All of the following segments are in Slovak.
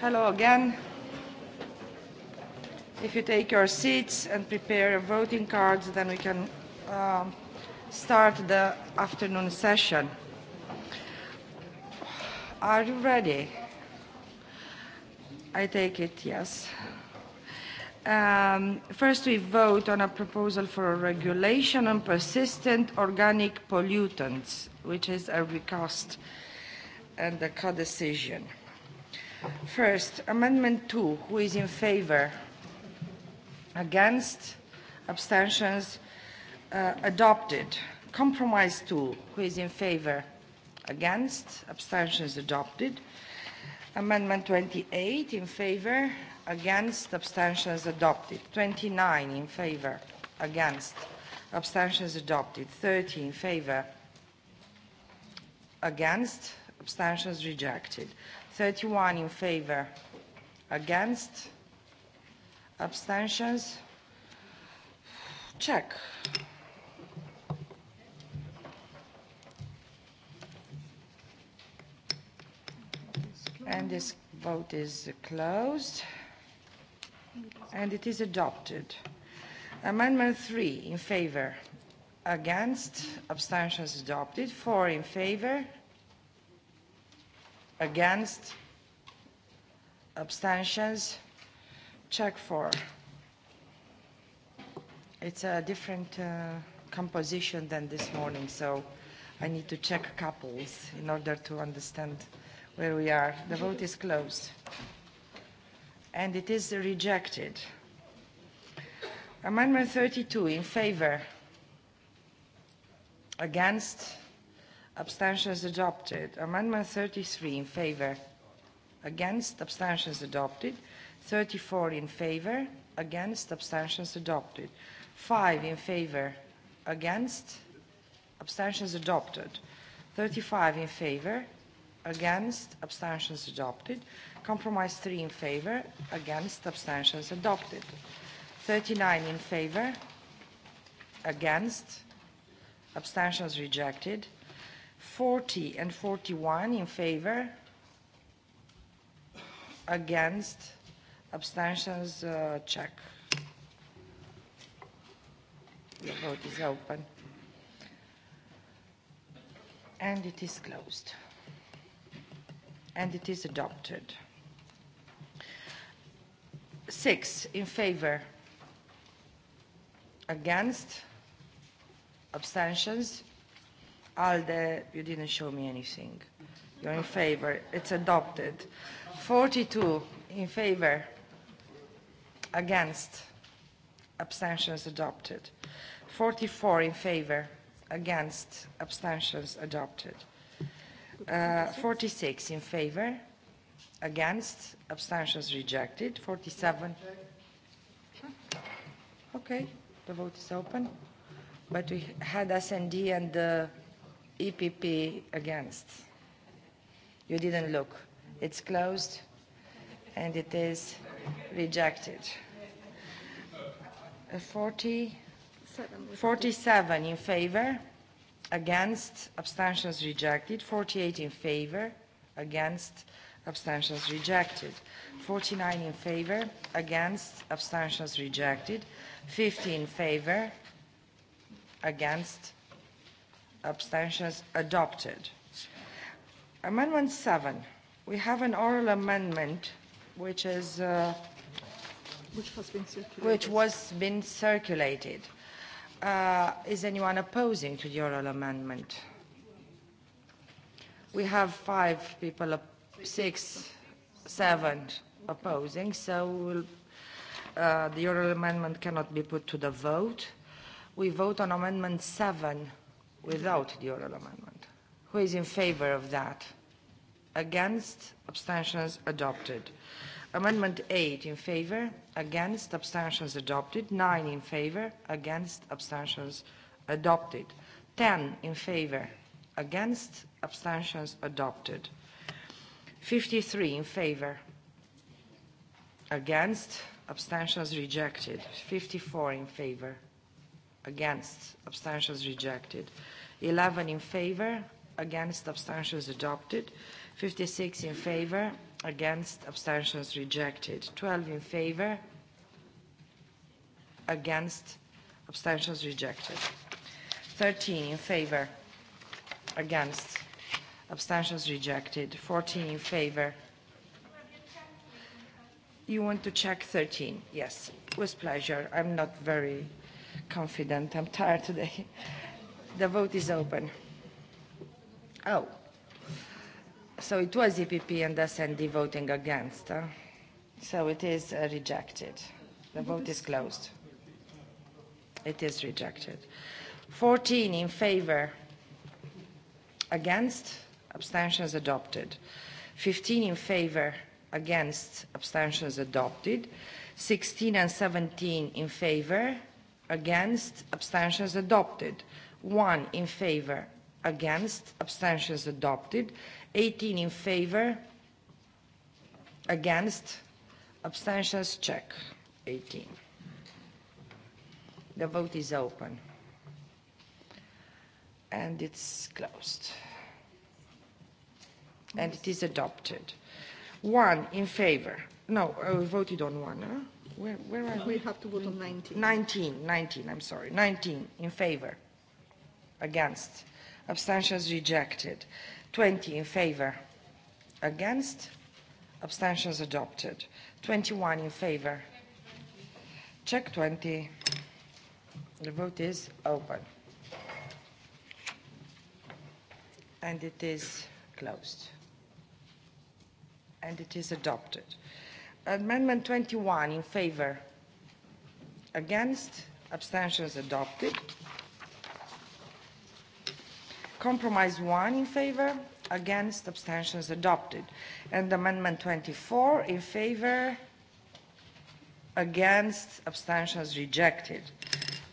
Hello again. If you take your seats and prepare your voting cards, then we can um, start the afternoon session. Are you ready? I take it, yes. Um, first, we vote on a proposal for a regulation on persistent organic pollutants, which is a recast and a co-decision. First, Amendment 2. Who is in favor? Against? Abstentions? Uh, adopted. Compromise 2. Who is in favor? Against? Abstentions adopted. Amendment 28 in favor, against, abstentions adopted. 29 in favor, against, abstentions adopted. 30 in favor, against, abstentions rejected. 31 in favor, against, abstentions. Check. And this vote is closed. And it is adopted. Amendment 3 in favor, against, abstentions adopted. 4 in favor, Against? Abstentions? Check for. It's a different uh, composition than this morning, so I need to check couples in order to understand where we are. The vote is closed. And it is rejected. Amendment 32 in favor. Against? abstentions adopted. Amendment 33 in favor, against, abstentions adopted. 34 in favor, against, abstentions adopted. 5 in favor, against, abstentions adopted. 35 in favor, against, abstentions adopted. Compromise 3 in favor, against, abstentions adopted. 39 in favor, against, abstentions rejected. 40 and 41 in favor, against, abstentions, uh, check. The vote is open. And it is closed. And it is adopted. Six in favor, against, abstentions, ALDE, you didn't show me anything. You're in favor. It's adopted. 42 in favor. Against. Abstentions adopted. 44 in favor. Against. Abstentions adopted. Uh, 46 in favor. Against. Abstentions rejected. 47. Okay. The vote is open. But we had S&D and the EPP against. You didn't look. It's closed and it is rejected. 40, 47 in favor, against, abstentions rejected. 48 in favor, against, abstentions rejected. 49 in favor, against, abstentions rejected. 50 in favor, against, abstentions adopted. Amendment 7. We have an oral amendment which is uh, which has been circulated. Which was been circulated. Uh, is anyone opposing to the oral amendment? We have five people, six, seven opposing, so we'll, uh, the oral amendment cannot be put to the vote. We vote on amendment seven without the oral amendment. Who is in favor of that? Against? Abstentions adopted. Amendment 8 in favor, against, abstentions adopted. 9 in favor, against, abstentions adopted. 10 in favor, against, abstentions adopted. 53 in favor, against, abstentions rejected. 54 in favor, against, abstentions rejected. 11 in favor, against, abstentions adopted. 56 in favor, against, abstentions rejected. 12 in favor, against, abstentions rejected. 13 in favor, against, abstentions rejected. 14 in favor. You want to check 13? Yes, with pleasure. I'm not very confident. I'm tired today. The vote is open. Oh. So it was EPP and SND voting against. Huh? So it is uh, rejected. The vote is closed. It is rejected. 14 in favor. Against. Abstentions adopted. 15 in favor. Against. Abstentions adopted. 16 and 17 in favor against, abstentions adopted. 1 in favor, against, abstentions adopted. 18 in favor, against, abstentions check. 18. The vote is open. And it's closed. And it is adopted. One in favor. No, uh, we voted on one, huh? Where, where are we? We have to vote on 19. 19, 19, I'm sorry. 19 in favor. Against. Abstentions rejected. 20 in favor. Against. Abstentions adopted. 21 in favor. Check 20. The vote is open. And it is closed. And it is adopted. Amendment 21 in favor. Against. Abstentions adopted. Compromise 1 in favor. Against. Abstentions adopted. And Amendment 24 in favor. Against. Abstentions rejected.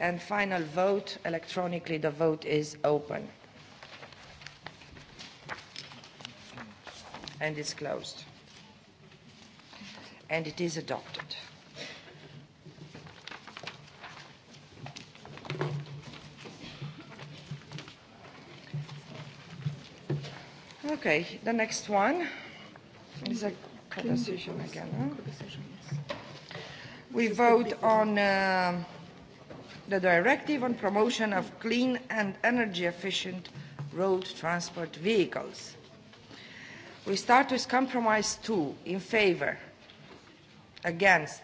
And final vote electronically. The vote is open. And it's closed and it is adopted. Okay, the next one is a decision again. Huh? We vote on uh, the directive on promotion of clean and energy efficient road transport vehicles. We start with compromise two in favor against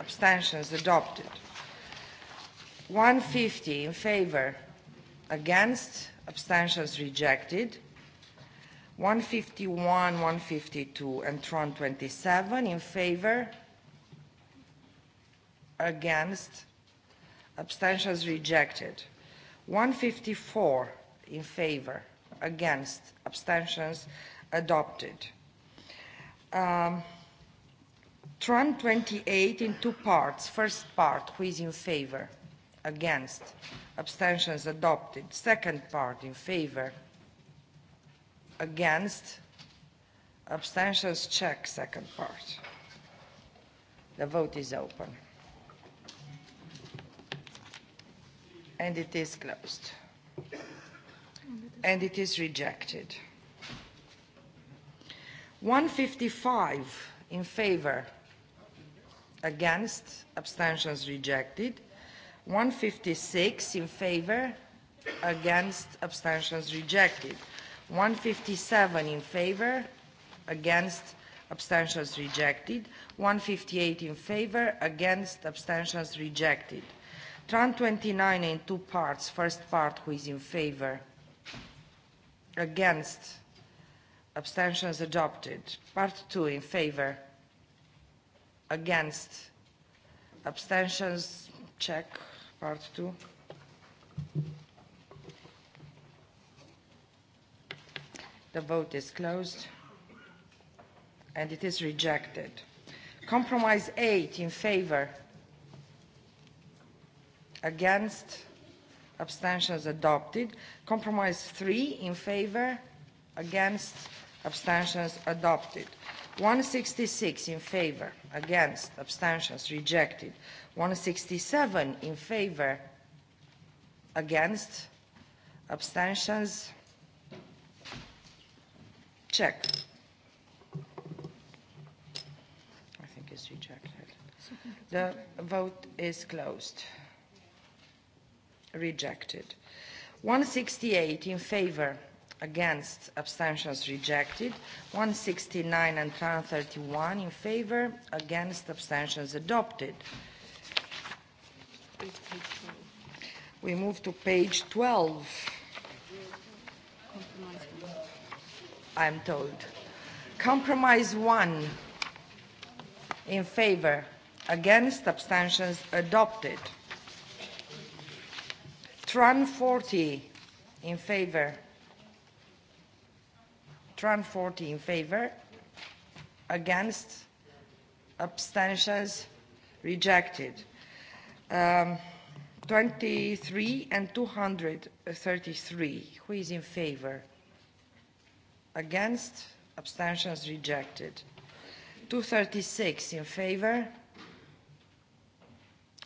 abstentions adopted 150 in favor against abstentions rejected 151 152 and Tron 27 in favor against abstentions rejected 154 in favor against abstentions adopted um, Tram 28 in two parts. First part, who is in favor? Against. Abstentions adopted. Second part, in favor? Against. Abstentions check, second part. The vote is open. And it is closed. And it is rejected. 155 in favor against abstentions rejected 156 in favor against abstentions rejected 157 in favor against abstentions rejected 158 in favor against abstentions rejected Tran 29 in two parts first part who is in favor against abstentions adopted part two in favor Against. Abstentions. Check. Part two. The vote is closed. And it is rejected. Compromise eight in favor. Against. Abstentions adopted. Compromise three in favor. Against. Abstentions adopted. 166 in favor, against, abstentions rejected. 167 in favor, against, abstentions. Check. I think it's rejected. The vote is closed. Rejected. 168 in favor, against abstentions rejected 169 and 131 in favor against abstentions adopted we move to page 12 I'm told compromise 1 in favor against abstentions adopted Tran 40 in favor Tran 40 in favor, against, abstentions, rejected. Um, 23 and 233, who is in favor? Against, abstentions, rejected. 236 in favor,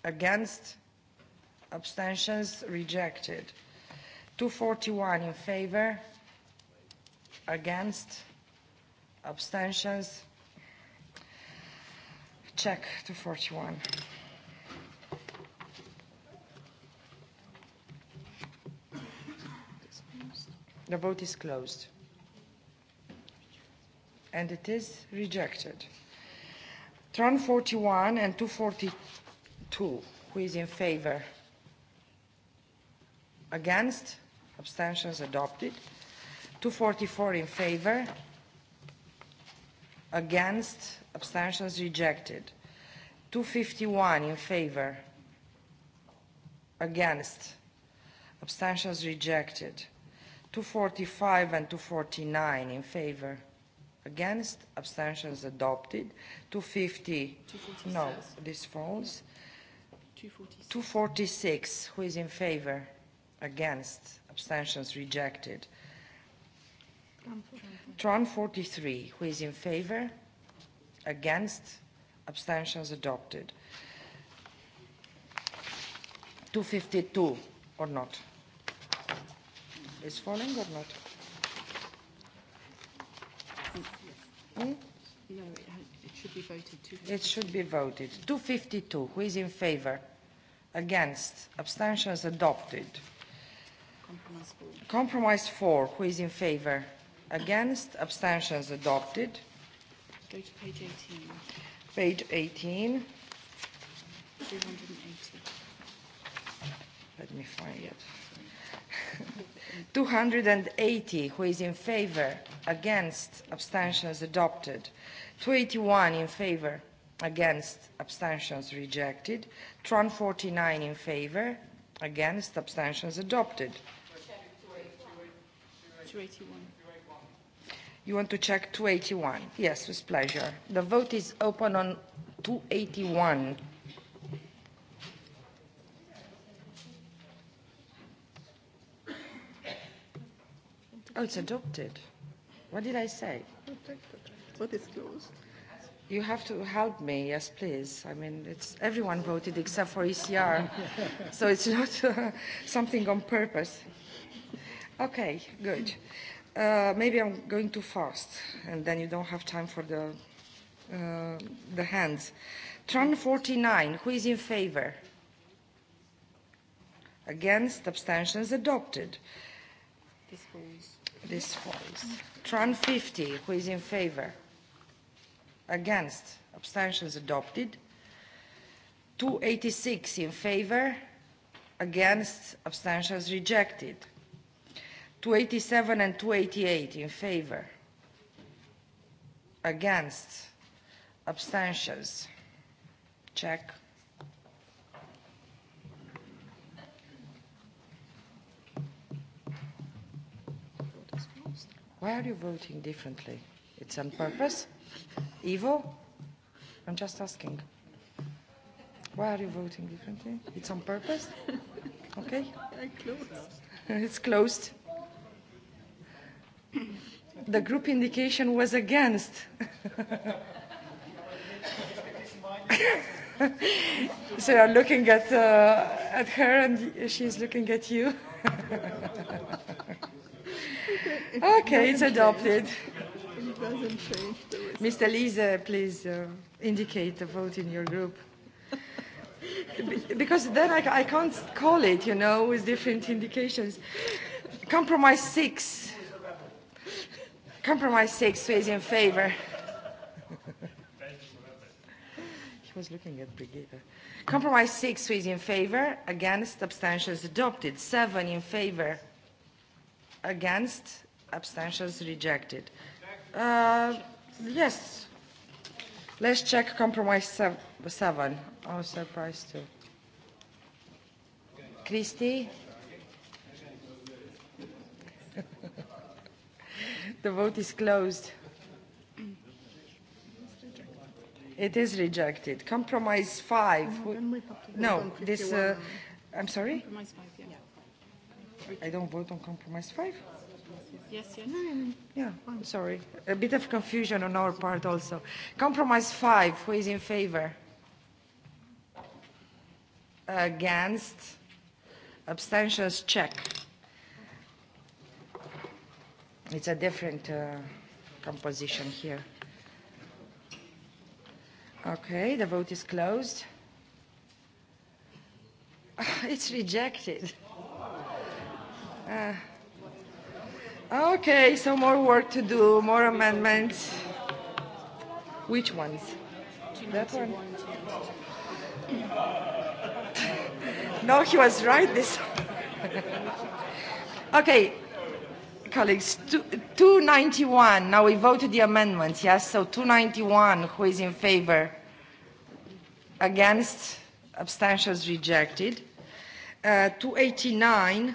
against, abstentions, rejected. 241 in favor, against, abstentions, check 241. The vote is closed. And it is rejected. Tron 41 and 242. Who is in favor? Against? Abstentions adopted. 244 in favor, against, abstentions rejected. 251 in favor, against, abstentions rejected. 245 and 249 in favor, against, abstentions adopted. 250, 246. no, this falls. 246. 246, who is in favor, against, abstentions rejected. Tran 43, who is in favor? Against? Abstentions adopted. 252 or not? Is falling or not? Hmm? No, it, it should be voted. It should be voted. 252, who is in favor? Against? Abstentions adopted. Compromise 4. Compromise 4, who is in favor? Against? Abstentions adopted. Go to page 18. Page 18. 280. Let me find it. 280, who is in favor? Against? Abstentions adopted. 281 in favor? Against? Abstentions rejected. Tron 49 in favor? Against? Abstentions adopted. 281. You want to check 281? Yes, with pleasure. The vote is open on 281. Oh, it's adopted. What did I say? What is closed? You have to help me, yes, please. I mean, it's everyone voted except for ECR, so it's not uh, something on purpose. Okay, good. Uh, maybe I'm going too fast, and then you don't have time for the, uh, the hands. Tran 49, who is in favor? Against, abstentions adopted. This falls. This falls. Tran 50, who is in favor? Against, abstentions adopted. 286 in favor, against, abstentions rejected. 287 and 288 in favor. Against. Abstentions. Check. Why are you voting differently? It's on purpose? Evil? I'm just asking. Why are you voting differently? It's on purpose? Okay. it's closed. The group indication was against. so you're looking at, uh, at her and she's looking at you. okay, it's adopted. change the Mr. Lise, please uh, indicate the vote in your group. Because then I, I can't call it, you know, with different indications. Compromise six. Compromise six, who in favor? he was looking at Brigitte. Compromise six, who is in favor? Against, abstentions adopted. Seven in favor. Against, abstentions rejected. Uh, yes. Let's check compromise sev seven. I was surprised too. Christy? The vote is closed. It is rejected. Compromise five. No, no this. Uh, I'm sorry. Compromise five. Yeah. I don't vote on compromise five. Yes, yes. No, no, yeah, I'm sorry. A bit of confusion on our part also. Compromise five. Who is in favor? Against. Abstentions. Check. It's a different uh, composition here. Okay, the vote is closed. It's rejected. Uh, okay, so more work to do, more amendments. Which ones? That one? no, he was right this. okay, colleagues, 291. Now we voted the amendments, yes? So 291, who is in favor? Against? Abstentions rejected. Uh, 289.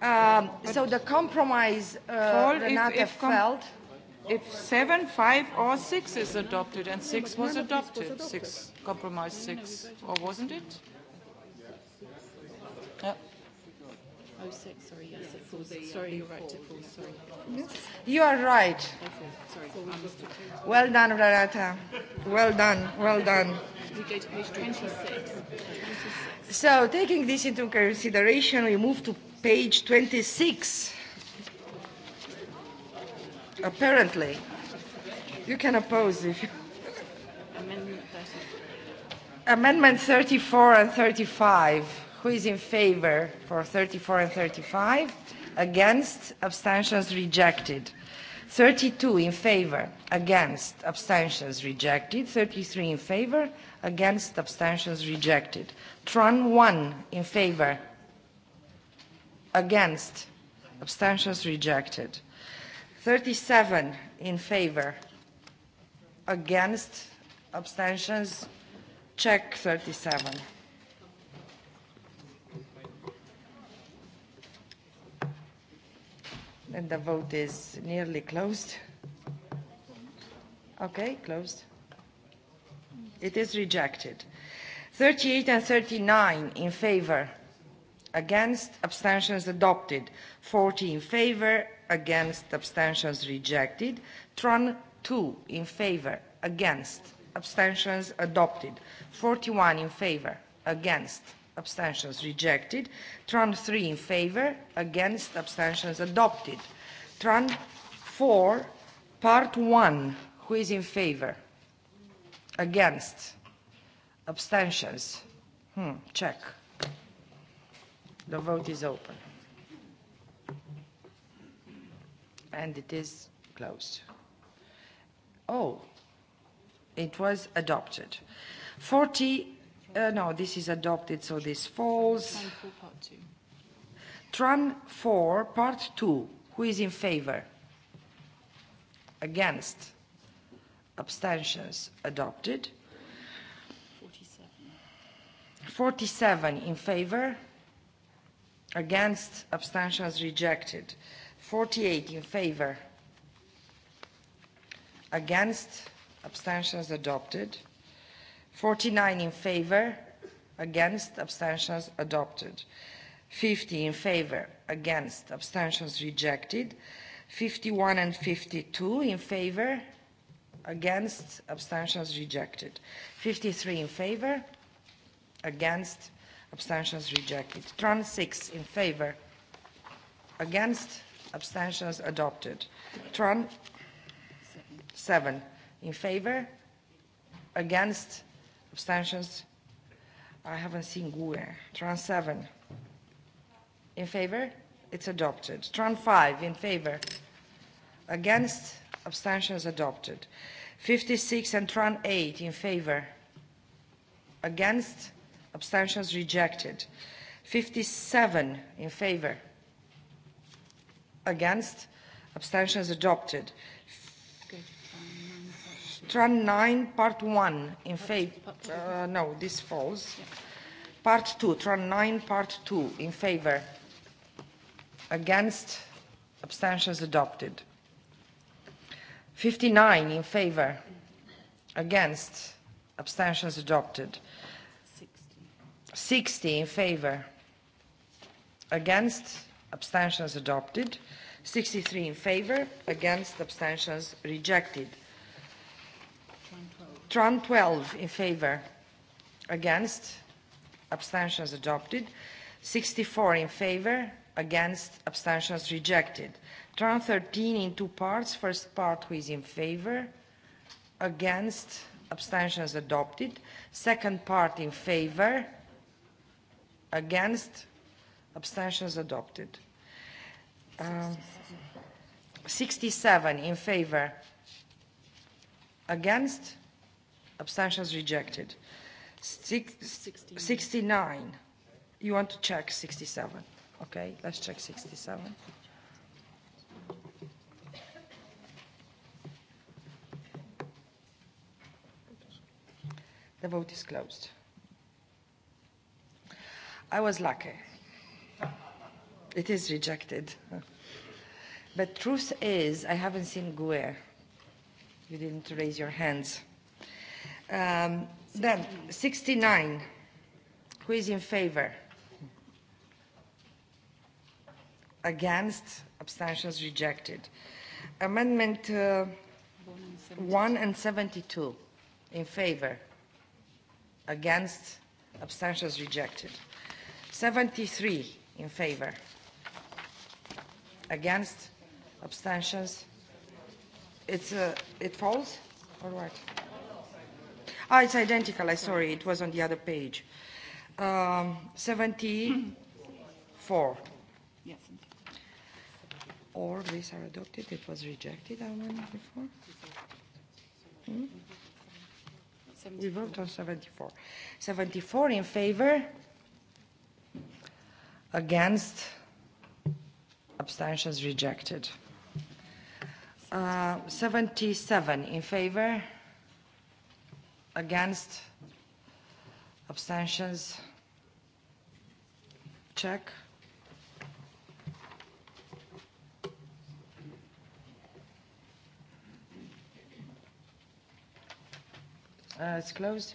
Um, so the compromise, uh, Fall Renata, if, if com felt if seven, five, or six is adopted, and six was adopted, six compromise six, or wasn't it? Yeah. Oh, six, sorry, yes, it falls. sorry, you're right, it falls, sorry. You are right. Sorry, well done, Rarata. Well done, well done. We go to page So, taking this into consideration, we move to page 26. Apparently. You can oppose if you... Amendment 34 and 35 Who is in favor for 34 and 35? Against? Abstentions rejected. 32 in favor, against, abstentions rejected. 33 in favor, against, abstentions rejected. Tron 1 in favor, against, abstentions rejected. 37 in favor, against, abstentions, check 37. And the vote is nearly closed. Okay, closed. It is rejected. 38 and 39 in favor, against, abstentions adopted. 40 in favor, against, abstentions rejected. Tron 2 in favor, against, abstentions adopted. 41 in favor, against, abstentions rejected. Tran 3 in favor, against, abstentions adopted. Tran 4, part 1, who is in favor? Against, abstentions. Hmm, check. The vote is open. And it is closed. Oh, it was adopted. 40 Uh, no, this is adopted, so this falls. Tran 4, part 2. Who is in favor? Against? Abstentions adopted. 47. 47 in favor? Against? Abstentions rejected. 48 in favor? Against? Abstentions adopted. 49 in favor, against, abstentions adopted. 50 in favor, against, abstentions rejected. 51 and 52 in favor, against, abstentions rejected. 53 in favor, against, abstentions rejected. Tran six in favor, against, abstentions adopted. Tran seven in favor, against, Abstentions? I haven't seen GUE. Tran 7. In favor? It's adopted. Tran 5. In favor? Against? Abstentions adopted. 56 and Tran 8. In favor? Against? Abstentions rejected. 57 in favor. Against? Abstentions adopted. TRAN 9, Part 1, in favor, uh, no, this falls. Part 2, TRAN 9, Part 2, in favor, against, abstentions adopted. 59 in favor, against, abstentions adopted. 60 in favor, against, abstentions adopted. 63 in favor, against, abstentions rejected. Tran 12 in favor, against, abstentions adopted. 64 in favor, against, abstentions rejected. Tran 13 in two parts. First part, who is in favor? Against, abstentions adopted. Second part, in favor? Against, abstentions adopted. Um, 67 in favor, Against? Abstentions rejected. Six, 69. You want to check 67. Okay, let's check 67. The vote is closed. I was lucky. It is rejected. But truth is, I haven't seen Guerre. You didn't raise your hands. Um, then, 69. Who is in favor? Against? Abstentions rejected. Amendment uh, 1 and 72. In favor? Against? Abstentions rejected. 73 in favor. Against? Abstentions rejected. It's uh, it falls or what? Ah, it's identical. I sorry, it was on the other page. Um, 74. Yes. All these are adopted. It was rejected. That one before. Hmm? We vote on 74. 74 in favor. Against. Abstentions rejected. Uh, 77 in favor, against, abstentions, check. Uh, it's closed.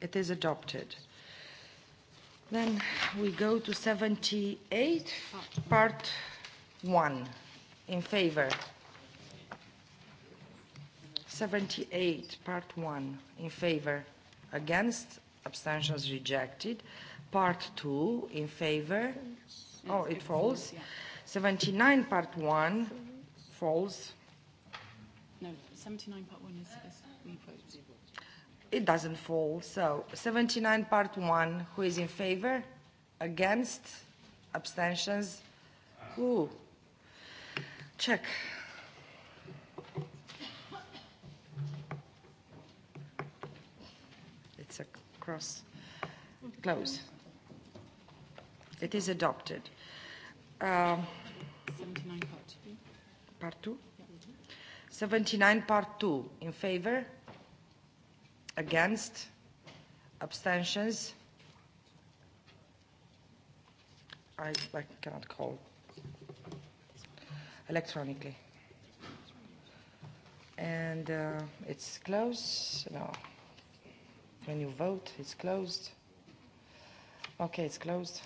It is adopted. Then we go to 78, part one in favor 78 part 1 in favor against abstentions rejected part 2 in favor oh it falls 79 part 1 falls no 79 part 1 is, is we vote it doesn't fall so 79 part 1 who is in favor against abstentions who Check. It's a cross. Close. It is adopted. Um, 79 part 2. Part 2? 79 part 2. In favor? Against? Abstentions? I, I cannot call electronically. And uh, it's closed. No. When you vote, it's closed. Okay, it's closed.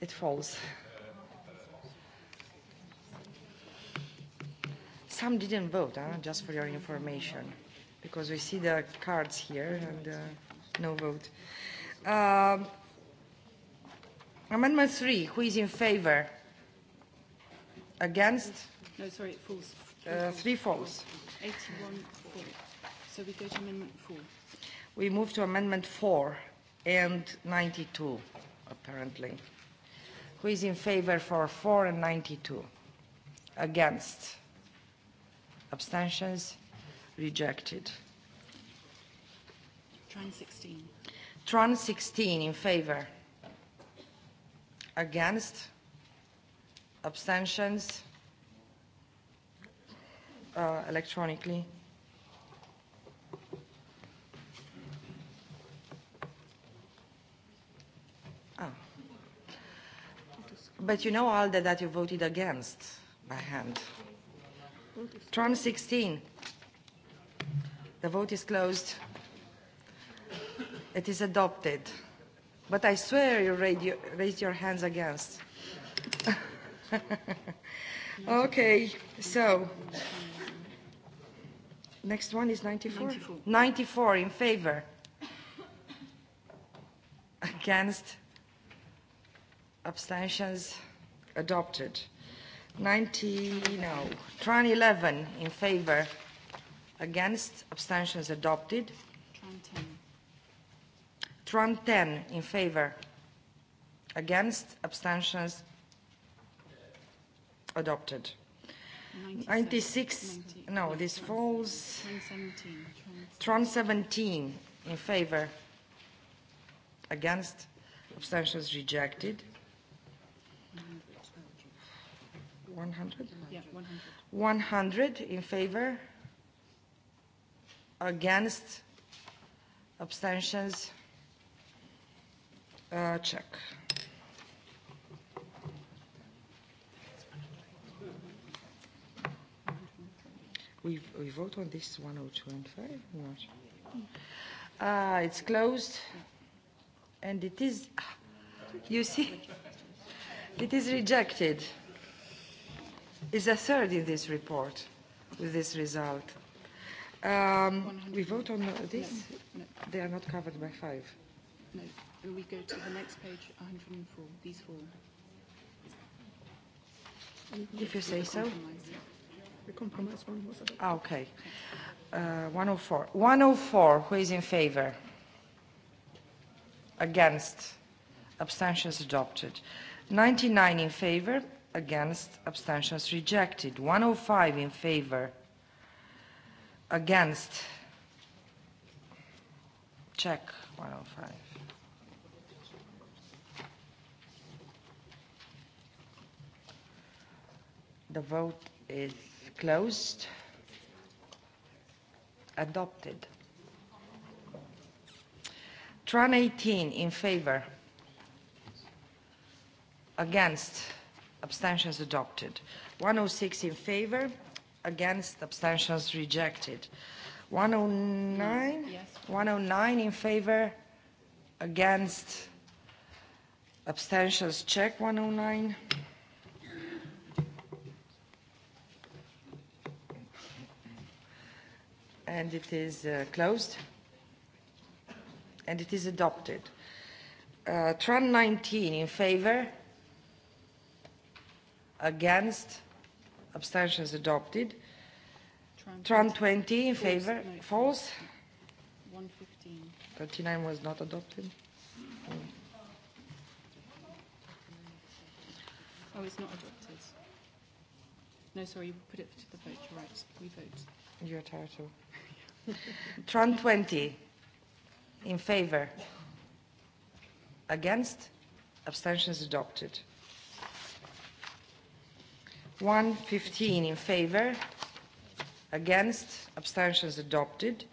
It falls. Some didn't vote, huh? just for your information, because we see the cards here and uh, no vote. Um, Amendment three, who is in favor? Against? No, sorry, it falls. Uh, three falls. 81 falls. So we go to Amendment four. We move to Amendment four and 92, apparently. Who is in favor for four and 92? Against? Abstentions? Rejected. Tran 16. Tran 16 in favor. Against? Abstentions? Uh, electronically. Ah. But you know, Alde, that you voted against by hand. Tron 16. The vote is closed. It is adopted. But I swear you radio, raised your hands against. okay, so next one is 94? 94. 94 in favor. Against. Abstentions adopted. 90, no. 2011 in favor. Against. Abstentions adopted. 2010. Trump 10 in favor. Against abstentions adopted. 96, 96 no, this falls. 17, Tron 17 in favor. Against abstentions rejected. 100? Yeah, 100. 100 in favor. Against abstentions rejected uh, check. We, we vote on this 102 and 5? Uh, ah, it's closed. And it is, you see, it is rejected. It's a third in this report with this result. Um, we vote on this? They are not covered by five. No. And we go to the next page, 104. These four. If you say so. The compromise one was adopted. Ah, okay. Uh, 104. 104, who is in favor? Against. Abstentions adopted. 99 in favor. Against. Abstentions rejected. 105 in favor. Against. Check 105. The vote is closed. Adopted. Tran 18 in favor. Against. Abstentions adopted. 106 in favor. Against. Abstentions rejected. 109? Yes. 109 in favor. Against. Abstentions check 109. and it is uh, closed and it is adopted. Uh, Tran 19 in favor, against, abstentions adopted. Tran 20 in favor, no, false. 115. 39 was not adopted. Mm. Oh, it's not adopted. No, sorry, you put it to the vote. You're right. We vote. You're tired too. Tron 20, in favor, against, abstentions adopted. 115 in favor, against, abstentions adopted.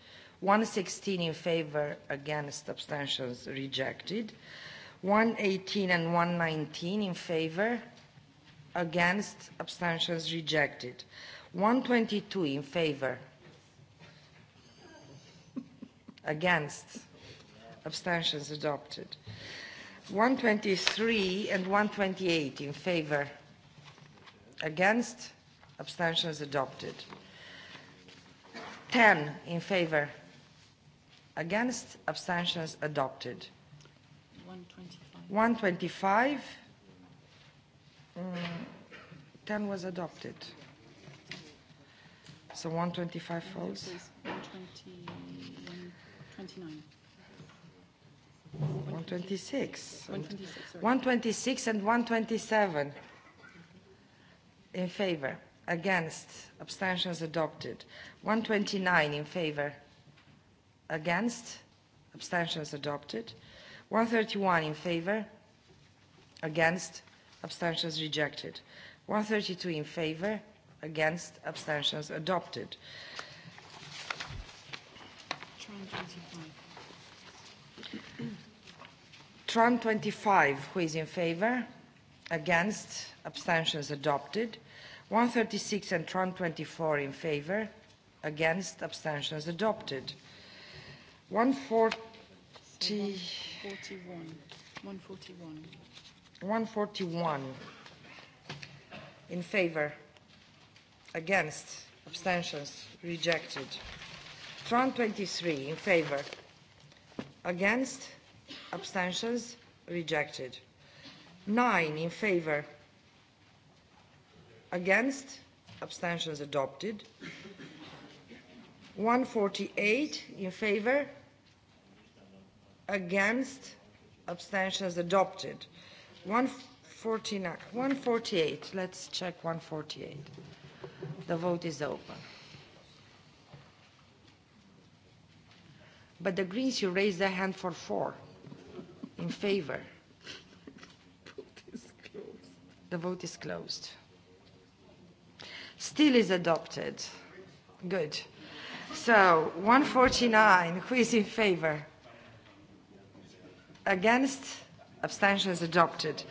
116 in favor, against, abstentions rejected. 118 and 119 in favor, against, abstentions rejected. 122 in favor, Against? Abstentions adopted. 123 and 128 in favor. Against? Abstentions adopted. 10 in favor. Against? Abstentions adopted. 125. 125. Mm, 10 was adopted. So 125 falls. 126. 126 and 127 in favor. Against. Abstentions adopted. 129 in favor. Against. Abstentions adopted. 131 in favor. Against. Abstentions rejected. 132 in favor. Against. Abstentions adopted. Trump 25, who is in favor? Against? Abstentions adopted. 136 and Trump 24 in favor? Against? Abstentions adopted. 140... 141. 141. In favor? Against? Abstentions rejected. Tran 23 in favor. Against. Abstentions. Rejected. 9 in favor. Against. Abstentions adopted. 148 in favor. Against. Abstentions adopted. 149, 148. Let's check 148. The vote is open. But the Greens, you raised their hand for four. In favor. The vote is closed. Still is adopted. Good. So, 149, who is in favor? Against? Abstentions adopted.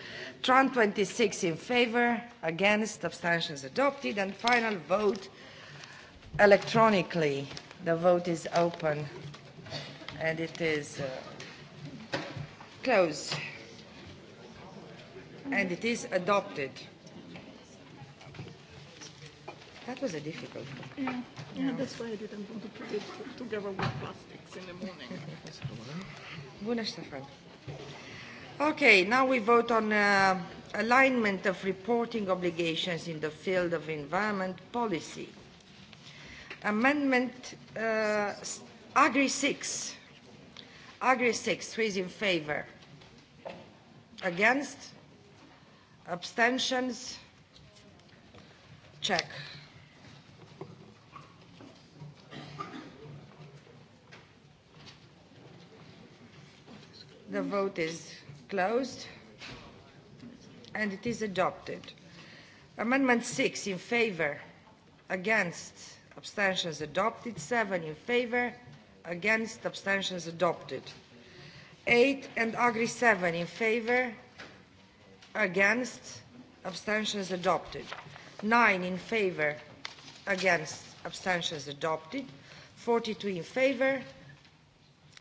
Tron 26 in favor, against, abstentions adopted. And final vote electronically. The vote is open and it is uh, closed and it is adopted. That was a difficult one. Yeah, yeah, Yeah, that's why I didn't want to put it together with plastics in the morning. Buona, Stefan. Okay, now we vote on uh, alignment of reporting obligations in the field of environment policy. Amendment uh, Agri 6. Agri 6, who is in favor? Against? Abstentions? Check. The vote is closed and it is adopted. Amendment 6 in favor, against, abstentions adopted, 7 in favor, against abstentions adopted eight and agri seven in favor against abstentions adopted nine in favor against abstentions adopted forty two in favor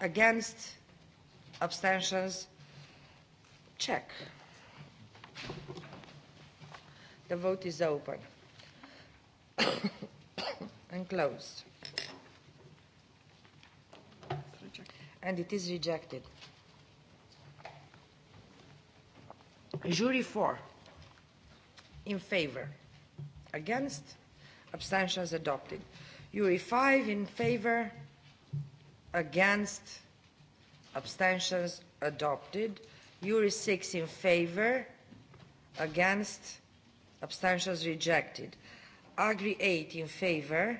against abstentions check the vote is open and closed and it is rejected. Jury 4 in favor, against, abstentions adopted. Jury 5 in favor, against, abstentions adopted. Jury 6 in favor, against, abstentions rejected. Agri 8 in favor,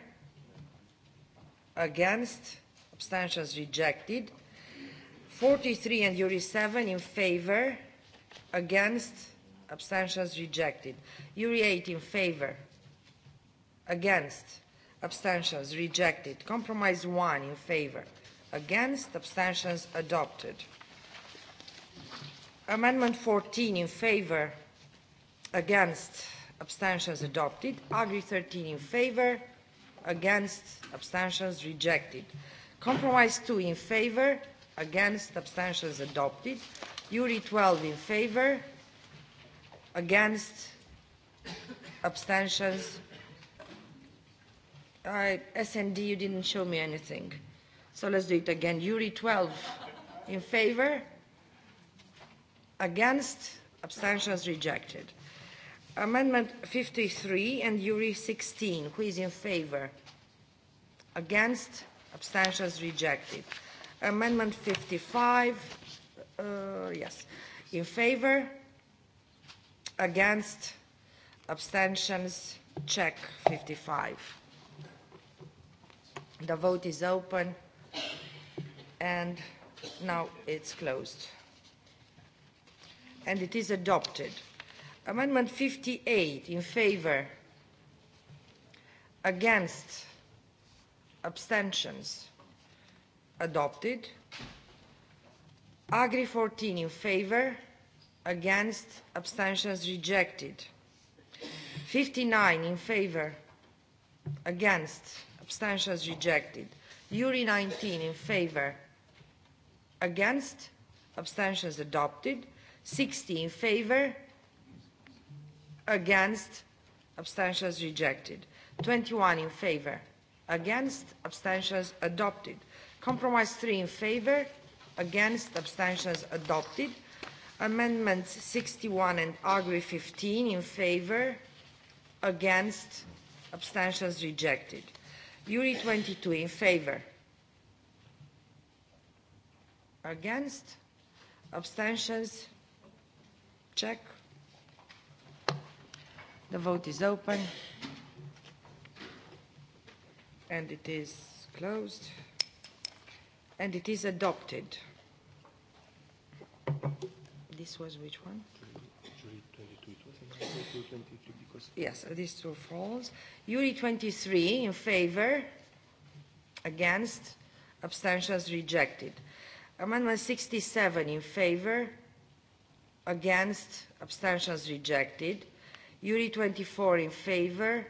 against, abstentions rejected. 43 and URI 7 in favor, against, abstentions rejected. Uri 8 in favor, against, abstentions rejected. Compromise 1 in favor, against, abstentions adopted. Amendment 14 in favor, against, abstentions adopted. Agri 13 in favor, against, abstentions rejected. Compromise 2 in favor, against, abstentions adopted. URI 12 in favor, against, abstentions. I, SND, you didn't show me anything. So let's do it again. URI 12 in favor, against, abstentions rejected. Amendment 53 and URI 16. Who is in favor? Against, abstentions abstentions rejected. Amendment 55, uh, yes, in favor, against, abstentions, check 55. The vote is open and now it's closed. And it is adopted. Amendment 58 in favor, against, abstentions adopted agri 14 in favor against abstentions rejected 59 in favor against abstentions rejected Uri 19 in favor against abstentions adopted 60 in favor against abstentions rejected 21 in favor against abstentions adopted compromise three in favor against abstentions adopted amendments sixty one and agri fifteen in favor against abstentions rejected uri twenty two in favor against abstentions check the vote is open and it is closed and it is adopted this was which one yes these two falls uri 23 in favor against abstentions rejected amendment 67 in favor against abstentions rejected uri 24 in favor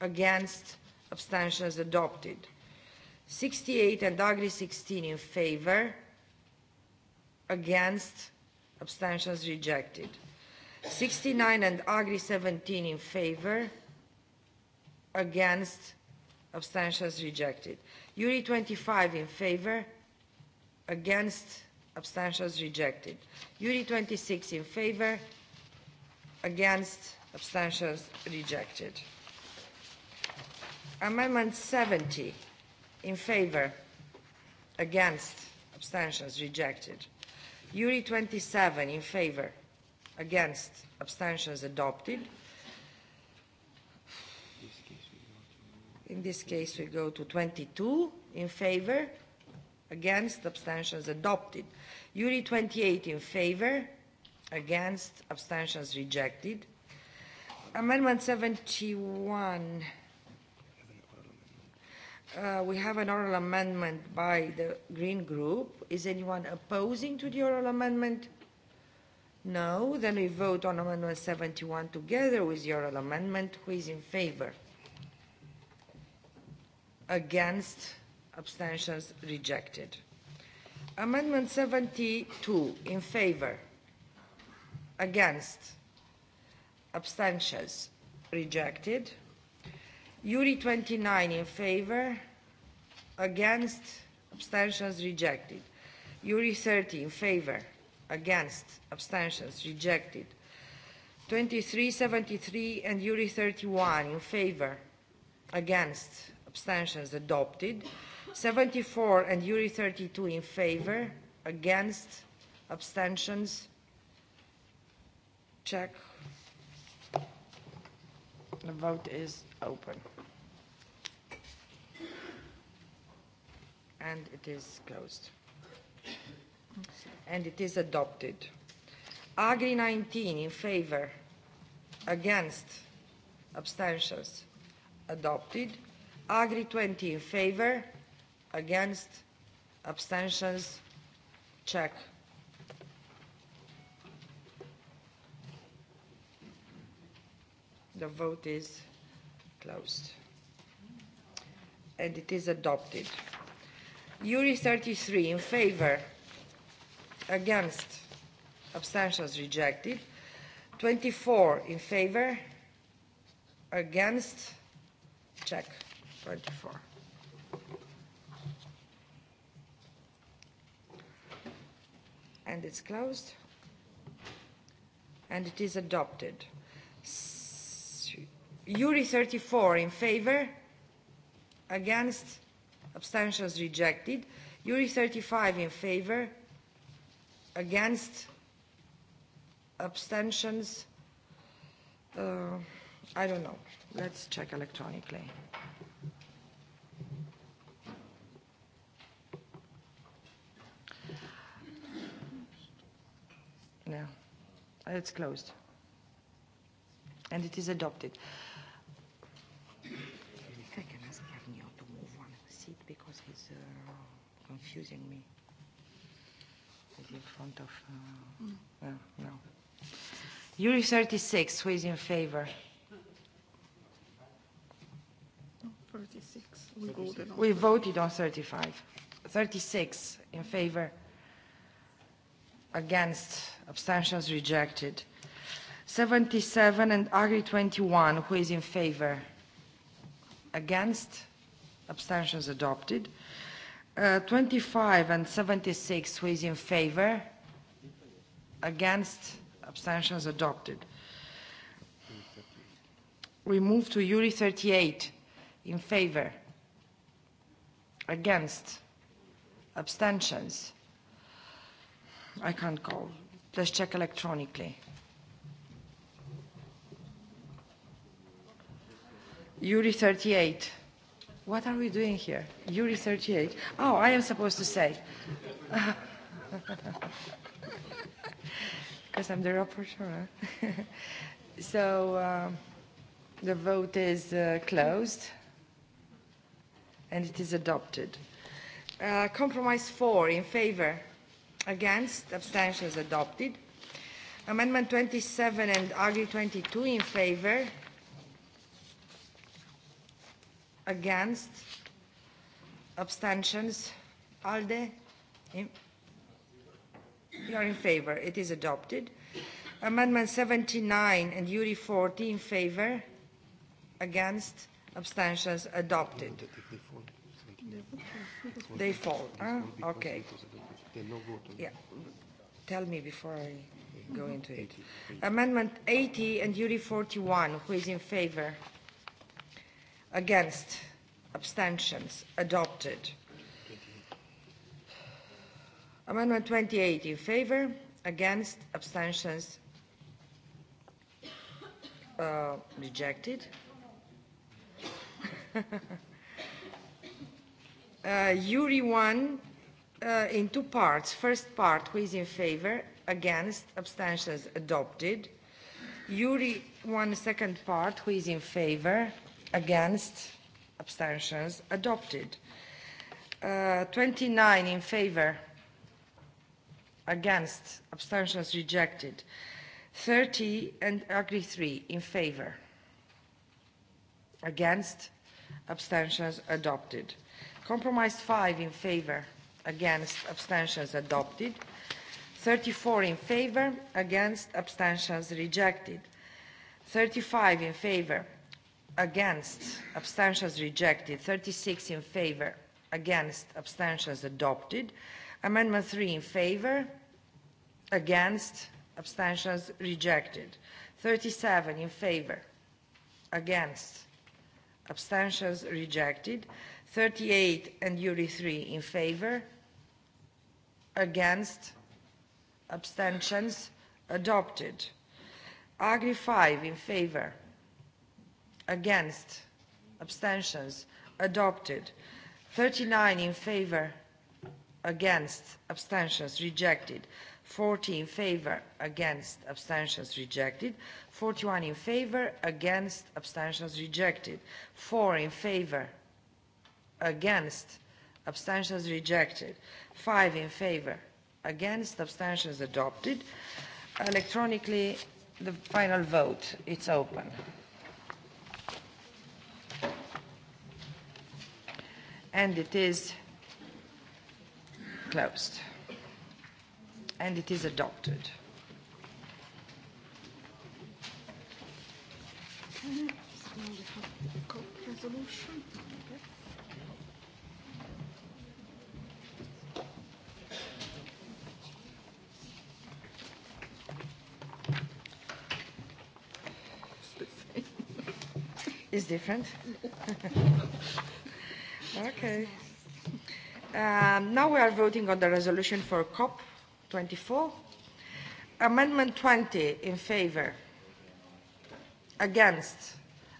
against abstentions adopted. 68 and Agri 16 in favor, against, abstentions rejected. 69 and Agri 17 in favor, against, abstentions rejected. URI 25 in favor, against, abstentions rejected. URI 26 in favor, against, abstentions rejected. Amendment 70 in favor, against, abstentions rejected. URI 27 in favor, against, abstentions adopted. In this case, we go to 22 in favor, against, abstentions adopted. URI 28 in favor, against, abstentions rejected. Amendment 71 Uh, we have an oral amendment by the Green Group. Is anyone opposing to the oral amendment? No. Then we vote on Amendment 71 together with the oral amendment. Who is in favor? Against? Abstentions? Rejected. Amendment 72 in favor? Against? Abstentions? Rejected. Yuri 29 in favor, against, abstentions rejected. Yuri 30 in favor, against, abstentions rejected. 23, 73 and Yuri 31 in favor, against, abstentions adopted. 74 and Yuri 32 in favor, against, abstentions, check. The vote is open. and it is closed. And it is adopted. Agri 19 in favor, against, abstentions, adopted. Agri 20 in favor, against, abstentions, check. The vote is closed. And it is adopted. Yuri 33 in favor, against, abstentions rejected. 24 in favor, against, check 24. And it's closed. And it is adopted. S Yuri 34 in favor, against, abstentions rejected. URI 35 in favor, against, abstentions, uh, I don't know. Let's check electronically. Yeah, no, it's closed. And it is adopted. confusing me. Is in front of... Uh, uh, no. Yuri 36, who is in favor? 36. We voted on, we voted on 35. 36 in favor, against, abstentions rejected. 77 and Agri 21, who is in favor? Against, abstentions adopted. Uh, 25 and 76, who is in favor? Against? Abstentions adopted. We move to URI 38. In favor? Against? Abstentions? I can't call. Let's check electronically. URI 38. What are we doing here? Yuri 38. Oh, I am supposed to say. Because I'm the rapporteur. Huh? so um, the vote is uh, closed and it is adopted. Uh, compromise four in favor, against, abstentions adopted. Amendment 27 and Agri 22 in favor, against abstentions alde in, you are in favor it is adopted amendment 79 and uri 40 in favor against abstentions adopted they fall huh? okay yeah tell me before i go into it amendment 80 and uri 41 who is in favor against abstentions adopted amendment 28 in favor against abstentions uh, rejected uh, Yuri one uh, in two parts first part who is in favor against abstentions adopted Yuri one second part who is in favor against, abstentions adopted. Uh, 29 in favor, against, abstentions rejected. 30 and agree 3 in favor, against, abstentions adopted. Compromise 5 in favor, against, abstentions adopted. 34 in favor, against, abstentions rejected. 35 in favor, against abstentions rejected 36 in favor against abstentions adopted amendment 3 in favor against abstentions rejected 37 in favor against abstentions rejected 38 and URI 3 in favor against abstentions adopted agri 5 in favor against abstentions adopted 39 in favor against abstentions rejected 40 in favor against abstentions rejected 41 in favor against abstentions rejected 4 in favor against abstentions rejected 5 in favor against abstentions adopted electronically the final vote it's open and it is closed and it is adopted. Resolution. different. Okay. Um, now we are voting on the resolution for COP24. Amendment 20 in favor, against,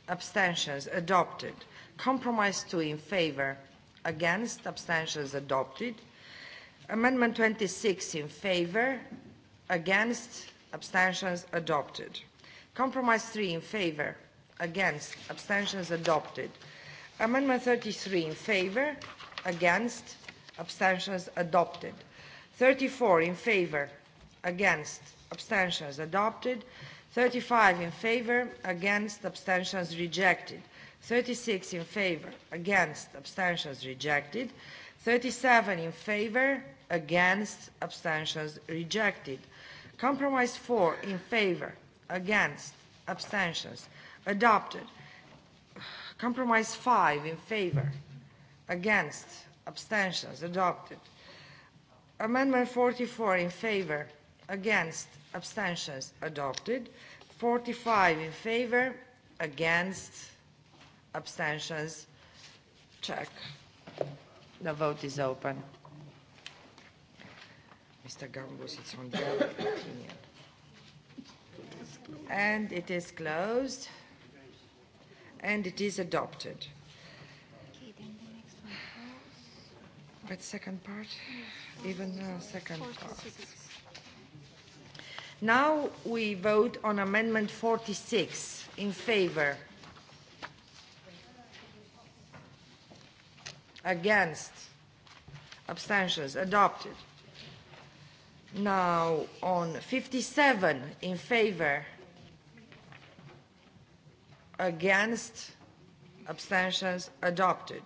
abstentions adopted. Compromise 2 in favor, against, abstentions adopted. Amendment 26 in favor, against, abstentions adopted. Compromise 3 in favor, against, abstentions adopted. Amendment 33 in favor, against, abstentions adopted. 34 in favor, against, abstentions adopted. 35 in favor, against, abstentions rejected. 36 in favor, against, abstentions rejected. 37 in favor, against, abstentions rejected. Compromise 4 in favor, against, abstentions adopted. Compromise 5 in favor, against, abstentions, adopted. Amendment 44 in favor, against, abstentions, adopted. 45 in favor, against, abstentions, check. The vote is open. Mr. Gambus, it's on the opinion. And it is closed and it is adopted. But second part, even uh, second part. Now we vote on Amendment 46 in favor. Against. Abstentions. Adopted. Now on 57 in favor against abstentions adopted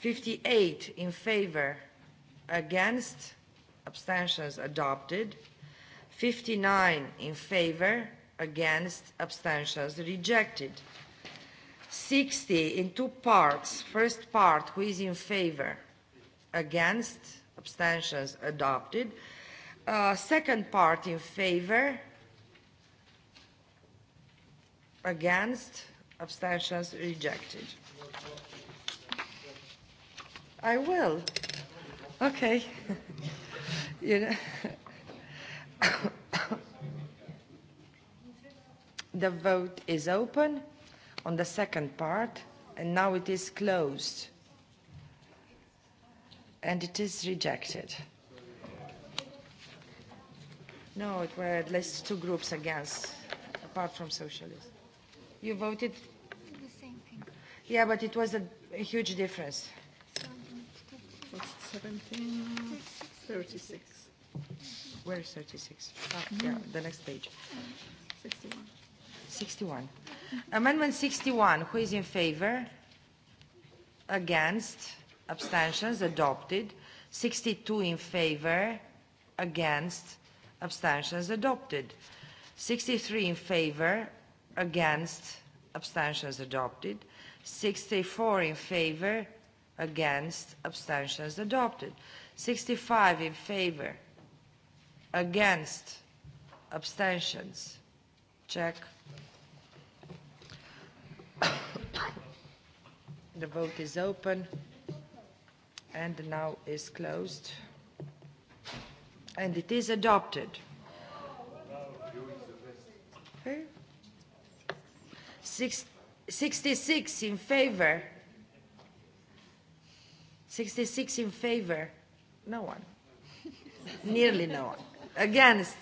58 in favor against abstentions adopted 59 in favor against abstentions rejected 60 in two parts first part who is in favor against abstentions adopted uh, second part in favor against, abstentions rejected. I will. Okay. you know. the vote is open on the second part, and now it is closed. And it is rejected. No, it were at least two groups against, apart from socialists. You voted? The same thing. Yeah, but it was a, a huge difference. What's 17? 36. Where is 36? Oh, ah, mm-hmm. yeah, the next page. 61. 61. Amendment 61, who is in favor? Against? Abstentions? Adopted. 62 in favor? Against? Abstentions? Adopted. 63 in favor? against, abstentions adopted. 64 in favor, against, abstentions adopted. 65 in favor, against, abstentions. Check. the vote is open and now is closed. And it is adopted. Okay. 66 in favor. 66 in favor. No one. Nearly no one. Against.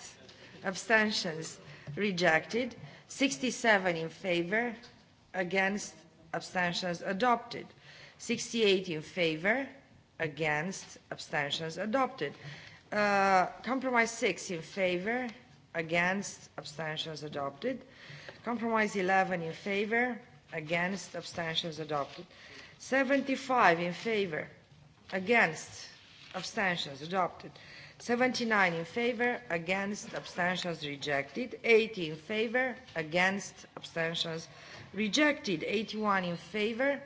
Abstentions. Rejected. 67 in favor. Against. Abstentions. Adopted. 68 in favor. Against. Abstentions. Adopted. Uh, compromise 6 in favor. Against. Abstentions. Adopted. Compromise 11 in favor, against, abstentions adopted. 75 in favor, against, abstentions adopted. 79 in favor, against, abstentions rejected. 80 in favor, against, abstentions rejected. 81 in favor,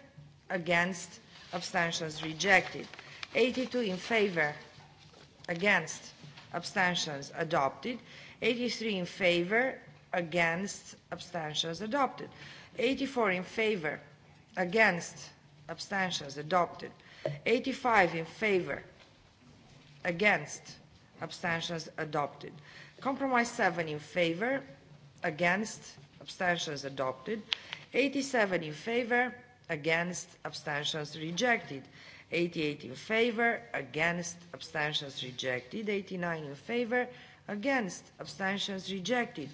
against, abstentions rejected. 82 in favor, against, abstentions adopted. 83 in favor, against, abstentions adopted. 84 in favor, against, abstentions adopted. 85 in favor, against, abstentions adopted. Compromise 7 in favor, against, abstentions adopted. 87 in favor, against, abstentions rejected. 88 in favor, against, abstentions rejected. 89 in favor, against, abstentions rejected.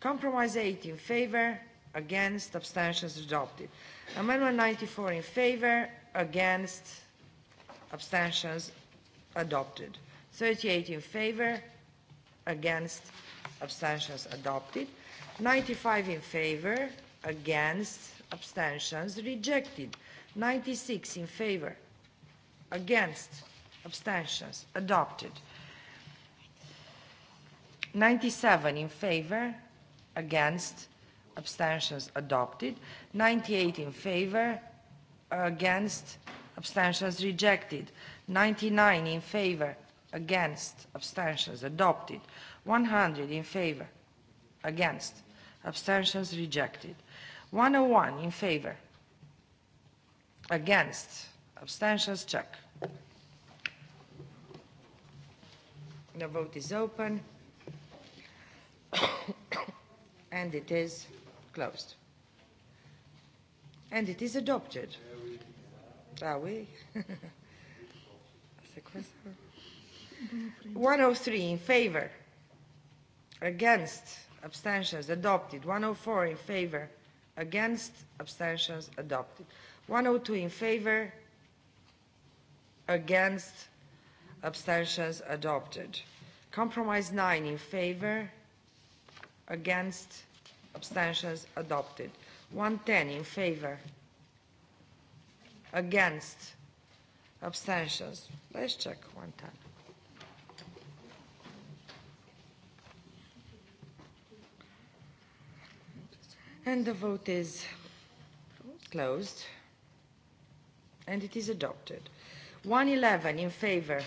Compromise 8 in favor, against, abstentions adopted. Amendment 94 in favor, against, abstentions adopted. 38 in favor, against, abstentions adopted. 95 in favor, against, abstentions rejected. 96 in favor, against, abstentions adopted. 97 in favor, against, abstentions adopted. 98 in favor, against, abstentions rejected. 99 in favor, against, abstentions adopted. 100 in favor, against, abstentions rejected. 101 in favor, against, abstentions check. The vote is open and it is closed. And it is adopted. Are we? 103 in favor. Against. Abstentions adopted. 104 in favor. Against. Abstentions adopted. 102 in favor. Against. Abstentions adopted. Compromise 9 in favor against abstentions adopted 110 in favor against abstentions let's check 110 and the vote is closed and it is adopted 111 in favor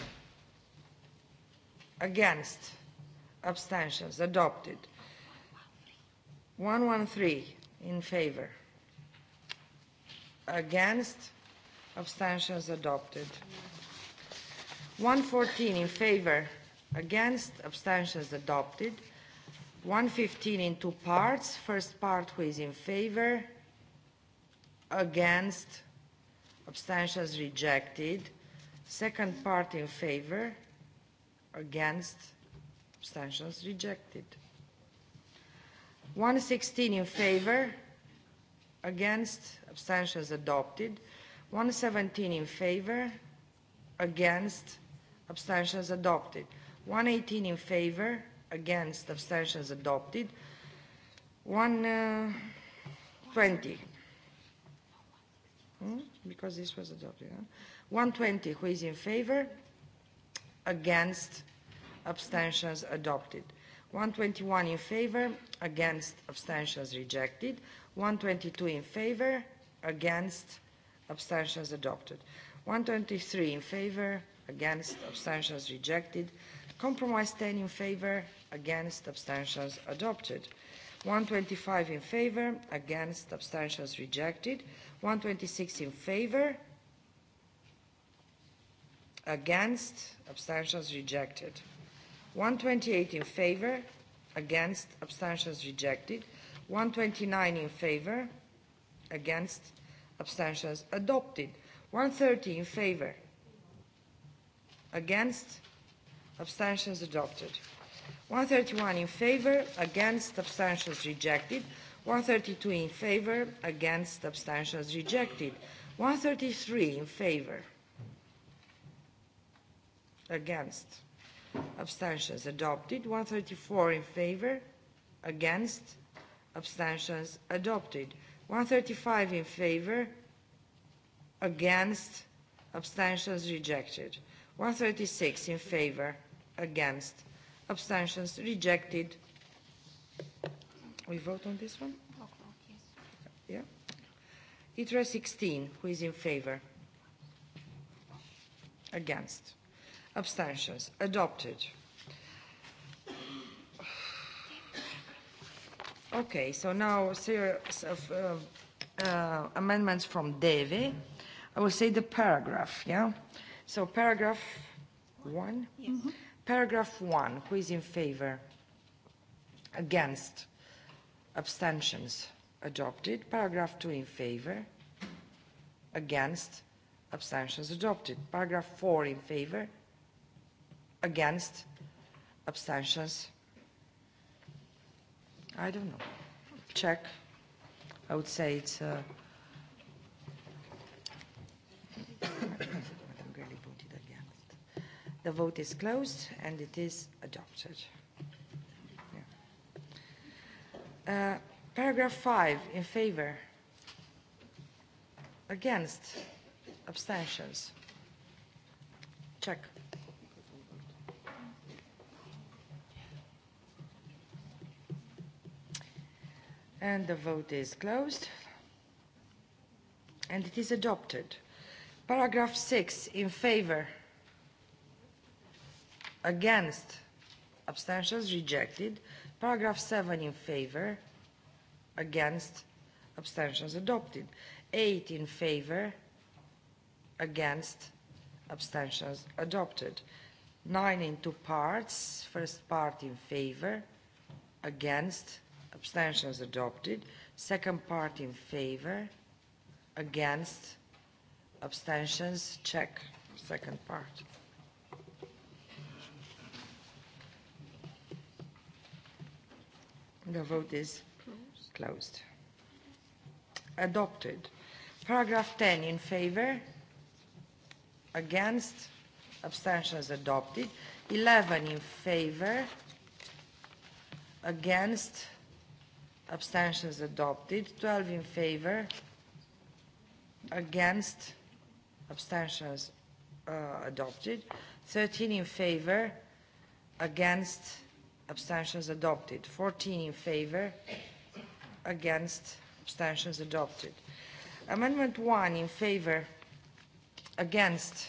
against abstentions adopted 113 in favor. Against. Abstentions adopted. 114 in favor. Against. Abstentions adopted. 115 in two parts. First part, who is in favor? Against. Abstentions rejected. Second part in favor. Against. Abstentions rejected. 116 in favor, against, abstentions adopted. 117 in favor, against, abstentions adopted. 118 in favor, against, abstentions adopted. 120. Uh, hmm? Because this was adopted. Huh? 120, who is in favor? Against, abstentions adopted. 121 in favor, against, abstentions rejected. 122 in favor, against, abstentions adopted. 123 in favor, against, abstentions rejected. Compromise 10 in favor, against, abstentions adopted. 125 in favor, against, abstentions rejected. 126 in favor, against, abstentions rejected. 128 in favor, against, abstentions rejected. 129 in favor, against, abstentions adopted. 130 in favor, against, abstentions adopted. 131 in favor, against, abstentions rejected. 132 in favor, against, abstentions rejected. 133 in favor, against, abstentions adopted. 134 in favor, against, abstentions adopted. 135 in favor, against, abstentions rejected. 136 in favor, against, abstentions rejected. We vote on this one? Yeah. ITRA 16, who is in favor? Against. Abstentions. Adopted. Okay, so now a series of uh, uh, amendments from Devi. I will say the paragraph, yeah? So paragraph one? Yes. Mm-hmm. Paragraph one, who is in favor? Against? Abstentions? Adopted. Paragraph two in favor? Against? Abstentions? Adopted. Paragraph four in favor? Against? Abstentions? I don't know. Check. I would say it's... Uh, The vote is closed and it is adopted. Yeah. Uh, paragraph 5, in favor. Against. Abstentions. Check. And the vote is closed. And it is adopted. Paragraph 6, in favor, against, abstentions rejected. Paragraph 7, in favor, against, abstentions adopted. 8, in favor, against, abstentions adopted. 9 in two parts, first part in favor, against, abstentions adopted. Second part in favor, against, abstentions, check, second part. The vote is closed. Adopted. Paragraph 10 in favor, against, abstentions adopted. 11 in favor, against, abstentions adopted 12 in favor against abstentions uh, adopted 13 in favor against abstentions adopted 14 in favor against abstentions adopted amendment 1 in favor against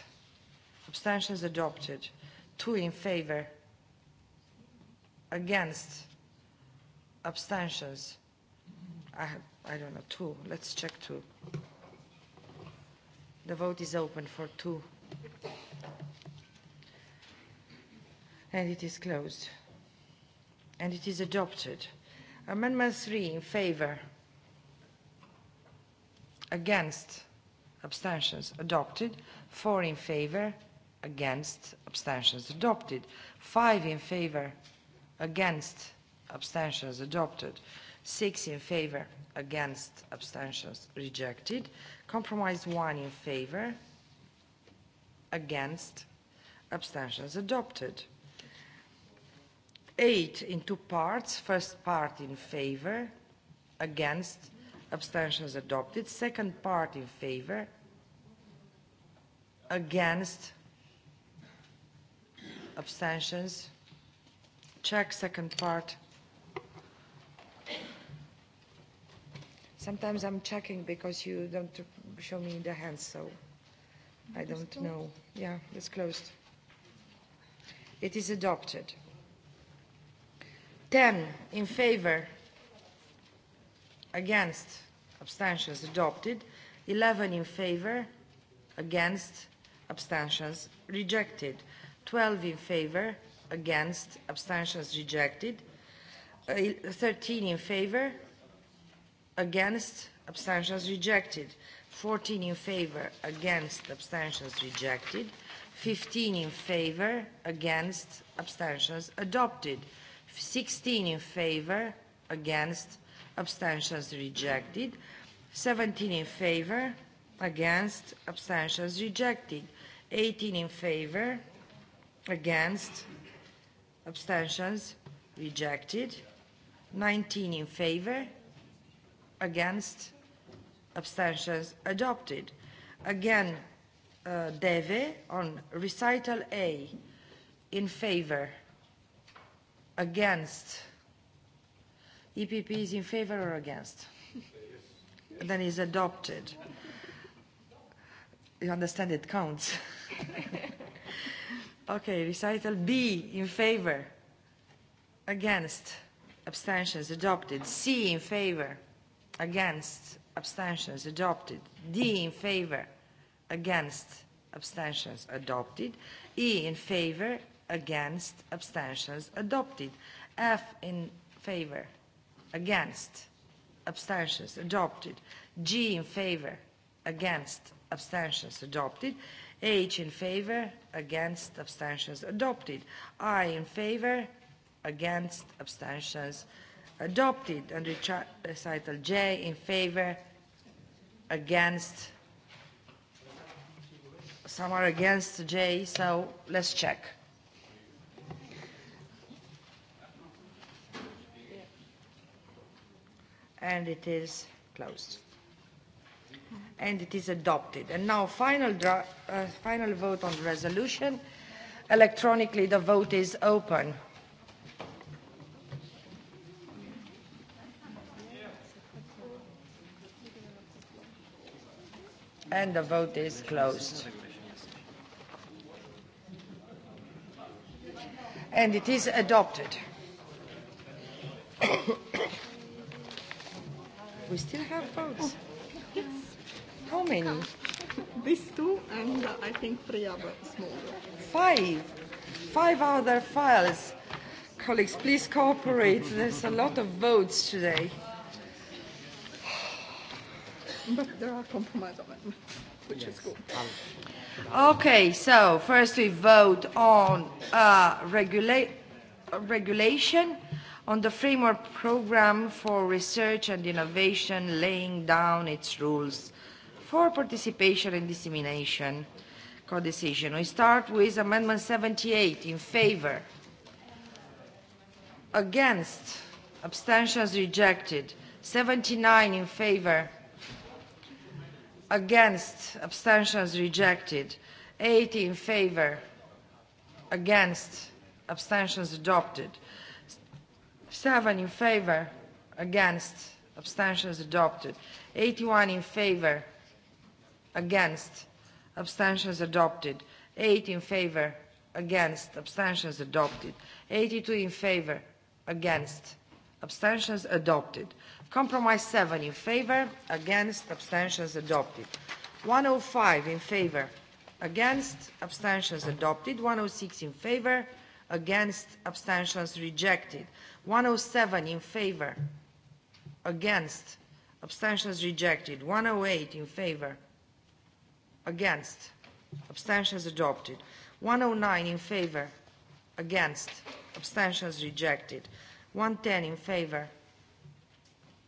abstentions adopted 2 in favor against Abstentions? I have, I don't know, two. Let's check two. The vote is open for two. And it is closed. And it is adopted. Amendment three in favor. Against. Abstentions adopted. Four in favor. Against. Abstentions adopted. Five in favor. Against abstentions adopted. Six in favor, against, abstentions rejected. Compromise one in favor, against, abstentions adopted. Eight in two parts. First part in favor, against, abstentions adopted. Second part in favor, against, abstentions. Check second part. Sometimes I'm checking because you don't show me the hands, so I don't know. Yeah, it's closed. It is adopted. 10 in favor, against, abstentions adopted. 11 in favor, against, abstentions rejected. 12 in favor, against, abstentions rejected. 13 uh, in favor, against abstentions rejected 14 in favor against abstentions rejected 15 in favor against abstentions adopted 16 in favor against abstentions rejected 17 in favor against abstentions rejected 18 in favor against abstentions rejected 19 in favor against, abstentions adopted. Again, uh, Deve on recital A, in favor, against, EPP is in favor or against? Then is adopted. You understand it counts. okay, recital B in favor, against, abstentions adopted. C in favor, against, abstentions adopted. D in favor, against, abstentions adopted. E in favor, against, abstentions adopted. F in favor, against, abstentions adopted. G in favor, against, abstentions adopted. H in favor, against, abstentions adopted. I in favor, against, abstentions adopted adopted And recital J in favor against some are against J so let's check and it is closed and it is adopted and now final uh, final vote on the resolution electronically the vote is open And the vote is closed. And it is adopted. we still have votes. Yes. How many? These two and uh, I think three other small ones. Five. Five other files. Colleagues, please cooperate. There's a lot of votes today. But there are compromise amendments, which yes. is good. Okay, so first we vote on uh, regula regulation on the framework program for research and innovation laying down its rules for participation and dissemination co-decision. We start with Amendment 78 in favor, against, abstentions rejected, 79 in favor, against, abstentions rejected. 8 in favor, against, abstentions adopted. 7 in favor, against, abstentions adopted. 81 in favor, against, abstentions adopted. 8 in favor, against, abstentions adopted. 82 in favor, against, abstentions adopted. Compromise 7 in favor, against, abstentions adopted. 105 in favor, against, abstentions adopted. 106 in favor, against, abstentions rejected. 107 in favor, against, abstentions rejected. 108 in favor, against, abstentions adopted. 109 in favor, against, abstentions rejected. 110 in favor, against,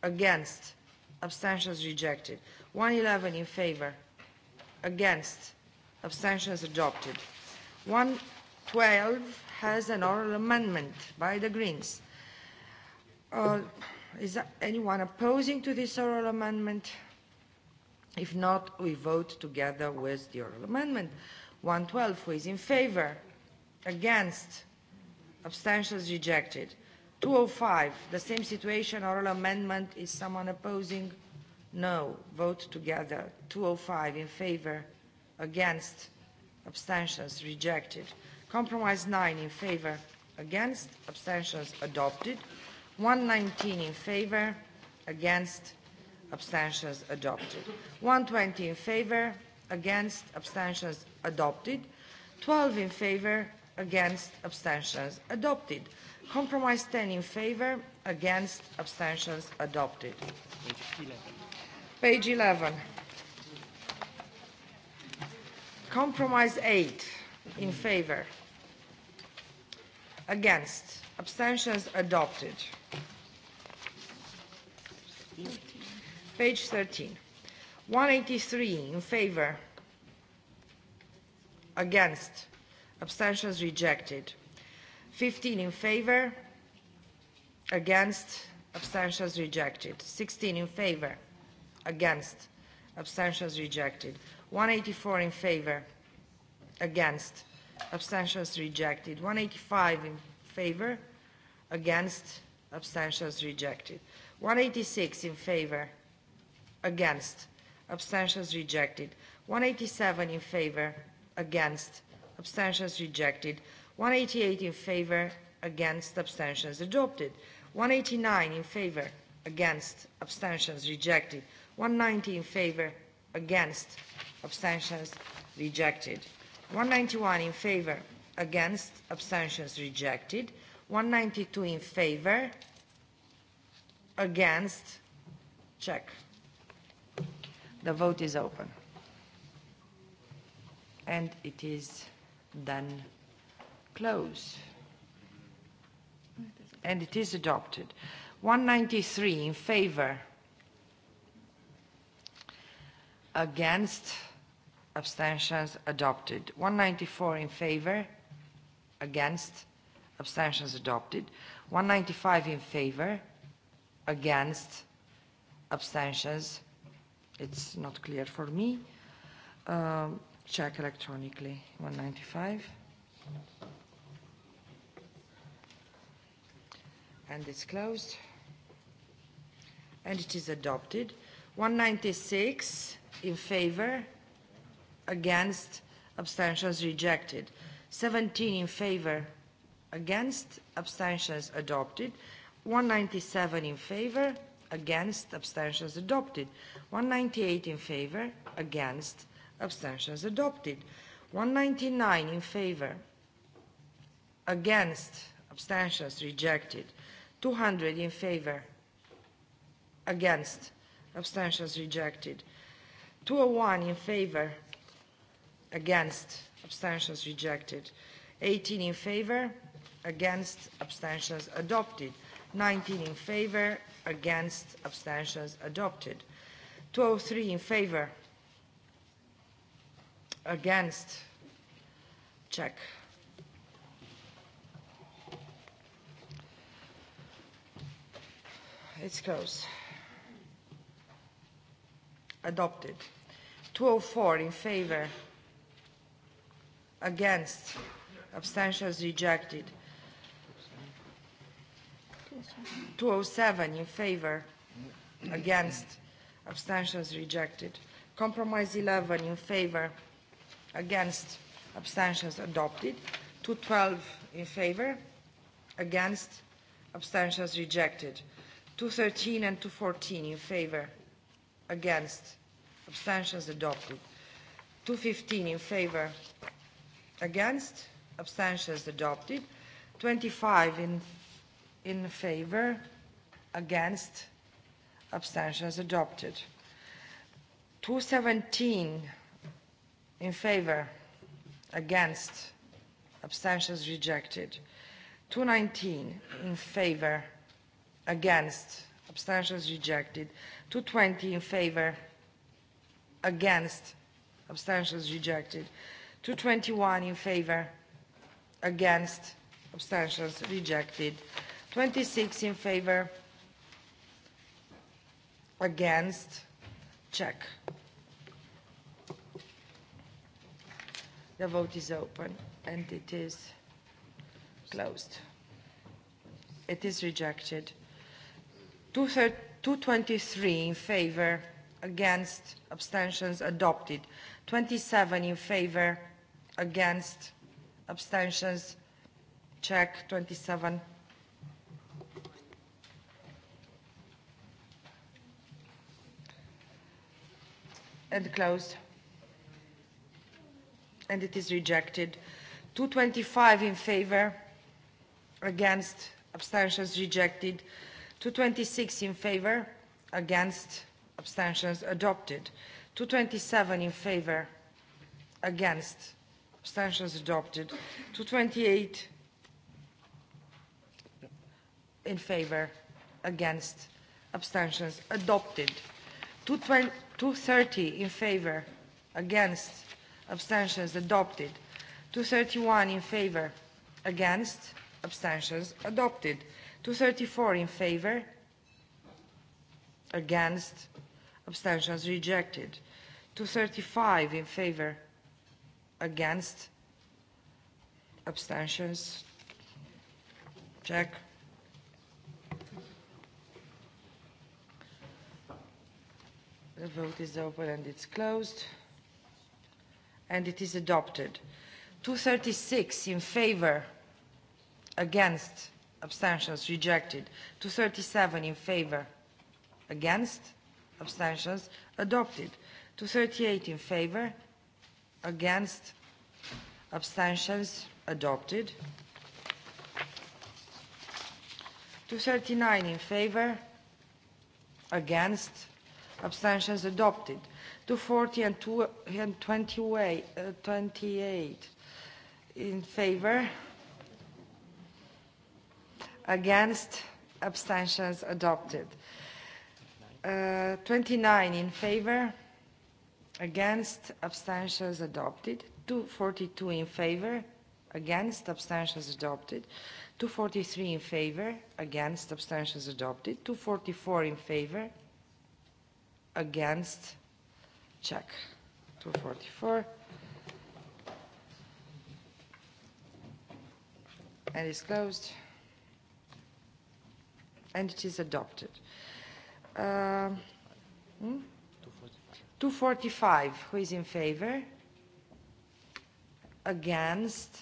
against abstentions rejected 111 in favor against abstentions adopted 112 has an oral amendment by the greens uh, is there anyone opposing to this oral amendment if not we vote together with the oral amendment 112 who is in favor against abstentions rejected 205, the same situation, oral amendment. Is someone opposing? No. Vote together. 205 in favor, against, abstentions, rejected. Compromise 9 in favor, against, abstentions, adopted. 119 in favor, against, abstentions, adopted. 120 in favor, against, abstentions, adopted. 12 in favor, against, abstentions, adopted. Compromise 10 in favor, against, abstentions adopted. Page 11. Compromise 8 in favor, against, abstentions adopted. Page 13. 183 in favor, against, abstentions rejected. 15 in favor, against, abstentions rejected. 16 in favor, against, abstentions rejected. 184 in favor, against, abstentions rejected. 185 in favor, against, abstentions rejected. 186 in favor, against, abstentions rejected. 187 in favor, against, abstentions rejected. 188 in favor, against, abstentions adopted. 189 in favor, against, abstentions rejected. 190 in favor, against, abstentions rejected. 191 in favor, against, abstentions rejected. 192 in favor, against, check. The vote is open. And it is done Close. And it is adopted. 193 in favor. Against. Abstentions adopted. 194 in favor. Against. Abstentions adopted. 195 in favor. Against. Abstentions. It's not clear for me. Um, check electronically. 195. and it's closed and it is adopted 196 in favor against abstentions rejected 17 in favor against abstentions adopted 197 in favor against abstentions adopted 198 in favor against abstentions adopted 199 in favor against abstentions rejected 200 in favor, against, abstentions rejected. 201 in favor, against, abstentions rejected. 18 in favor, against, abstentions adopted. 19 in favor, against, abstentions adopted. 203 in favor, against, check. It's close. Adopted. 204 in favor. Against. Abstentions rejected. 207 in favor. Against. Abstentions rejected. Compromise 11 in favor. Against. Abstentions adopted. 212 in favor. Against. Abstentions rejected. 213 and 214 in favor, against, abstentions adopted. 215 in favor, against, abstentions adopted. 25 in, in favor, against, abstentions adopted. 217 in favor, against, abstentions rejected. 219 in favor, against, abstentions rejected. 220 in favor, against, abstentions rejected. 221 in favor, against, abstentions rejected. 26 in favor, against, check. The vote is open and it is closed. It is rejected. 223 in favor, against, abstentions adopted. 27 in favor, against, abstentions, check 27. And closed. And it is rejected. 225 in favor, against, abstentions rejected. 226 in favor, against, abstentions adopted. 227 in favor, against, abstentions adopted. 228 in favor, against, abstentions adopted. 230 in favor, against, abstentions adopted. 231 in favor, against, abstentions adopted. 234 in favor, against, abstentions rejected. 235 in favor, against, abstentions, check. The vote is open and it's closed. And it is adopted. 236 in favor, against, abstentions rejected 237 in favor against abstentions adopted 238 in favor against abstentions adopted 239 in favor against abstentions adopted 240 and, two, and 20 way, uh, 28 in favor against abstentions adopted uh, 29 in favor against abstentions adopted 242 in favor against abstentions adopted 243 in favor against abstentions adopted 244 in favor against check 244 and it's closed and it is adopted. Uh, hmm? 245, who is in favor? Against?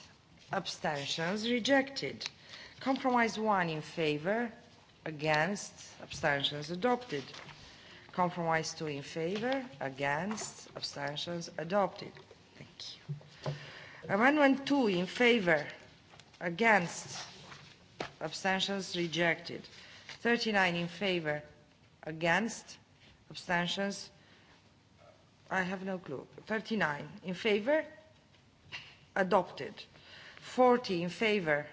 Abstentions? Rejected. Compromise 1 in favor? Against? Abstentions? Adopted. Compromise 2 in favor? Against? Abstentions? Adopted. Thank you. Amendment 2 in favor? Against? Abstentions? Rejected. 39 in favor, against, abstentions. I have no clue. 39 in favor, adopted. 40 in favor,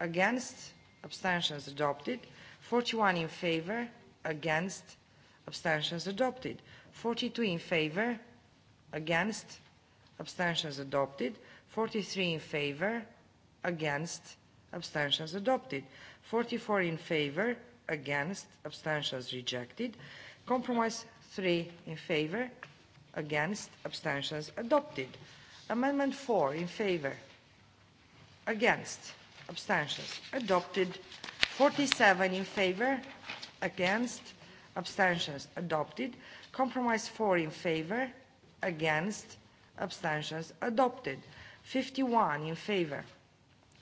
against, abstentions adopted. 41 in favor, against, abstentions adopted. 42 in favor, against, abstentions adopted. 43 in favor, against, abstentions adopted. 44 in favor, against, abstentions rejected. Compromise 3 in favor, against, abstentions adopted. Amendment 4 in favor, against, abstentions adopted. 47 in favor, against, abstentions adopted. Compromise 4 in favor, against, abstentions adopted. 51 in favor,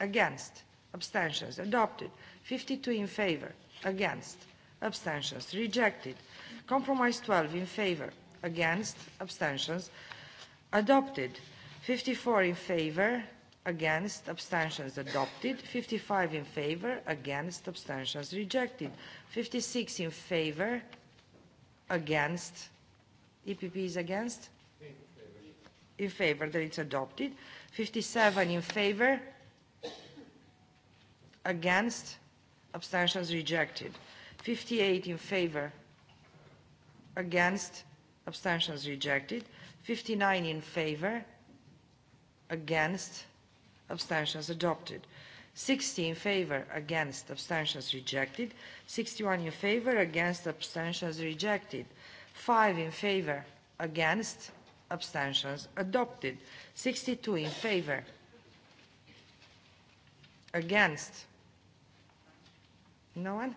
against, abstentions adopted 52 in favor against abstentions rejected compromise 12 in favor against abstentions adopted 54 in favor against abstentions adopted 55 in favor against abstentions rejected 56 in favor against EPP is against in favor that it's adopted 57 in favor against abstentions rejected 58 in favor against abstentions rejected 59 in favor against abstentions adopted 60 in favor against abstentions rejected 61 in favor against abstentions rejected 5 in favor against abstentions adopted 62 in favor against No one?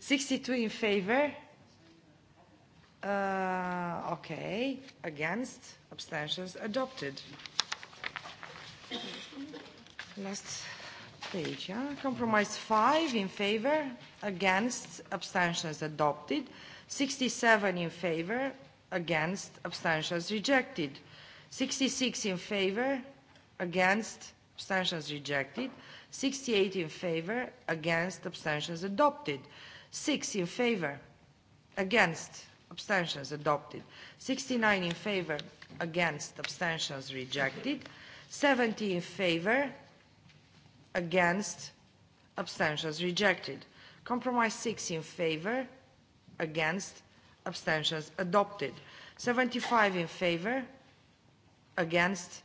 62 in favor. Uh, okay. Against? Abstentions? Adopted. Last page, yeah? Compromise 5 in favor. Against? Abstentions? Adopted. 67 in favor. Against? Abstentions? Rejected. 66 in favor. Against? Abstentions? Rejected. 68 in favor, against, abstentions adopted. 6 in favor, against, abstentions adopted. 69 in favor, against, abstentions rejected. 70 in favor, against, abstentions rejected. Compromise 6 in favor, against, abstentions adopted. 75 in favor, against,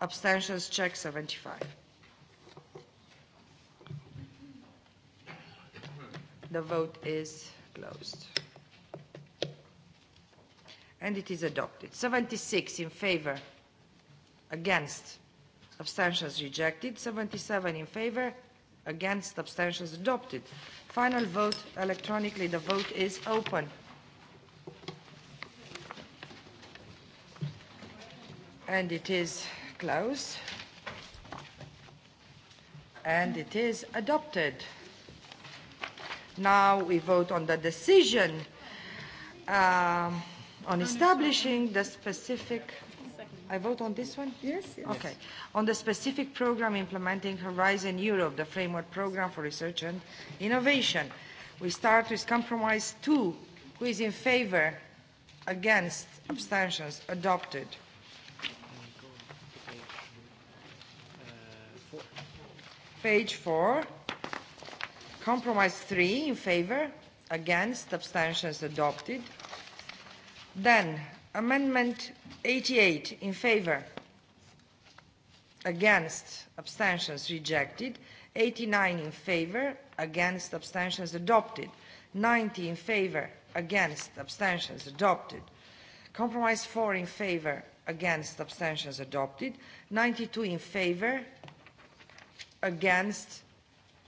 abstentions check 75. The vote is closed. And it is adopted. 76 in favor, against, abstentions rejected. 77 in favor, against, abstentions adopted. Final vote electronically. The vote is open. And it is closed. And it is adopted. Now we vote on the decision um, on establishing the specific I vote on this one? Yes, yes. Okay. On the specific program implementing Horizon Europe, the framework program for research and innovation. We start with compromise two. Who is in favor? Against? Abstentions? Adopted. Page four. Compromise 3 in favor, against, abstentions adopted. Then Amendment 88 in favor, against, abstentions rejected. 89 in favor, against, abstentions adopted. 90 in favor, against, abstentions adopted. Compromise 4 in favor, against, abstentions adopted. 92 in favor, against,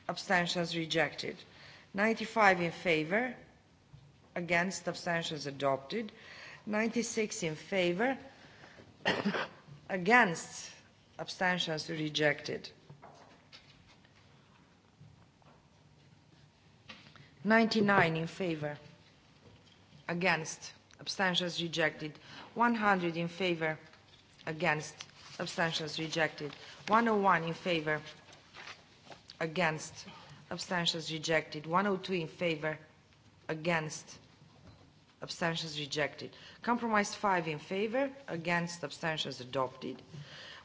abstentions rejected. 95 in favor, against, abstentions adopted. 96 in favor, against, abstentions rejected. 99 in favor, against, abstentions rejected. 100 in favor, against, abstentions rejected. 101 in favor, against, abstentions rejected. 102 in favor, against, abstentions rejected. Compromise 5 in favor, against, abstentions adopted.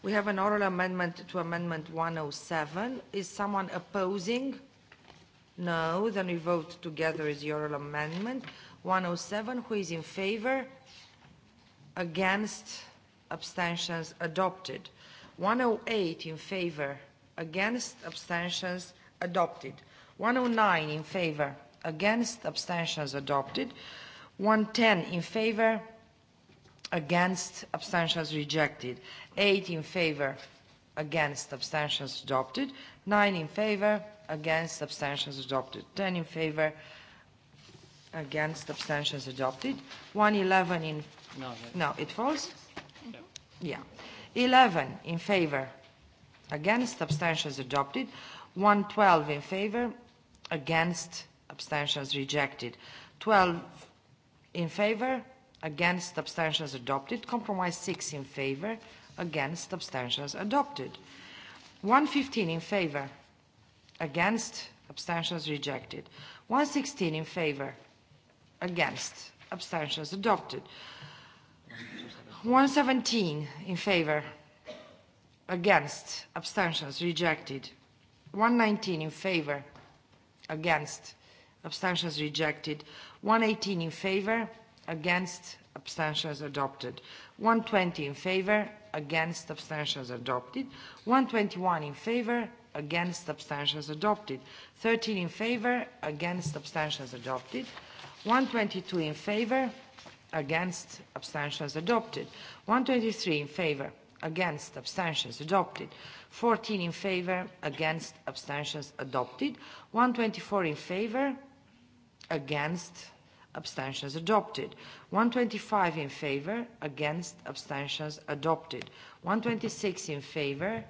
We have an oral amendment to Amendment 107. Is someone opposing? No. Then we vote together as the oral amendment. 107, who is in favor? Against, abstentions adopted. 108 in favor, against abstentions adopted 109 in favor against abstentions adopted 110 in favor against abstentions rejected 8 in favor against abstentions adopted 9 in favor against abstentions adopted 10 in favor against abstentions adopted 111 in no, no, no it falls no. yeah 11 in favor against, abstentions adopted. 112 in favor, against, abstentions rejected. 12 in favor, against, abstentions adopted. Compromise 6 in favor, against, abstentions adopted. 115 in favor, against, abstentions rejected. 116 in favor, against, abstentions adopted. 117 in favor, against, abstentions rejected. 119 in favor, against, abstentions rejected. 118 in favor, against, abstentions adopted. 120 in favor, against, abstentions adopted. 121 in favor, against, abstentions adopted. 13 in favor, against, abstentions adopted. 122 in favor, against, abstentions adopted. 123 in favor, against abstentions adopted 14 in favor against abstentions adopted 124 in favor against abstentions adopted 125 in favor against abstentions adopted 126 in favor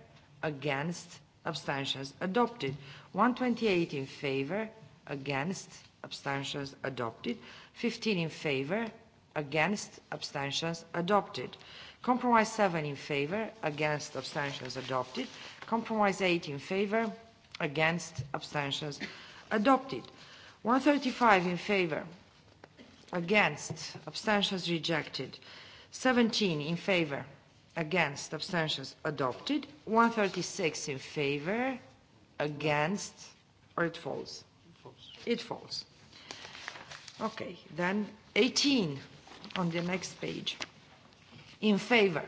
against abstentions adopted 128 in favor against abstentions adopted 15 in favor against abstentions adopted Compromise 7 in favor, against abstentions adopted. Compromise 8 in favor, against abstentions adopted. 135 in favor, against abstentions rejected. 17 in favor, against abstentions adopted. 136 in favor, against, or it falls? It falls. It falls. Okay, then 18 on the next page in favor,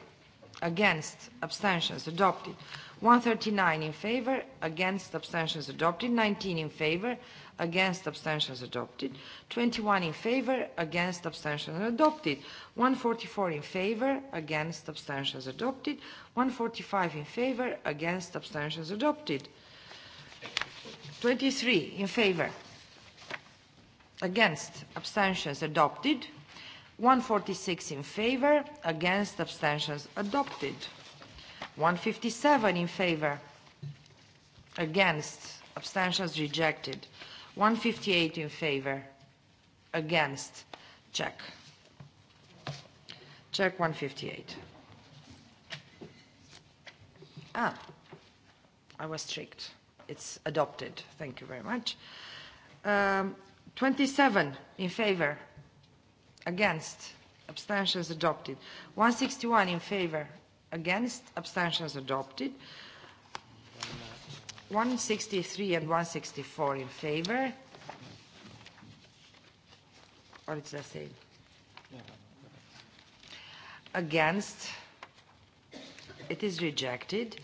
against, abstentions adopted. 139 in favor, against, abstentions adopted. 19 in favor, against, abstentions adopted. 21 in favor, against, abstentions adopted. 144 in favor, against, abstentions adopted. 145 in favor, against, abstentions adopted. 23 in favor, against, abstentions adopted. 146 in favor, against abstentions adopted. 157 in favor, against abstentions rejected. 158 in favor, against check. Check 158. Ah, I was tricked. It's adopted. Thank you very much. Um, 27 in favor, against abstentions adopted 161 in favor against abstentions adopted 163 and 164 in favor or it's the same against it is rejected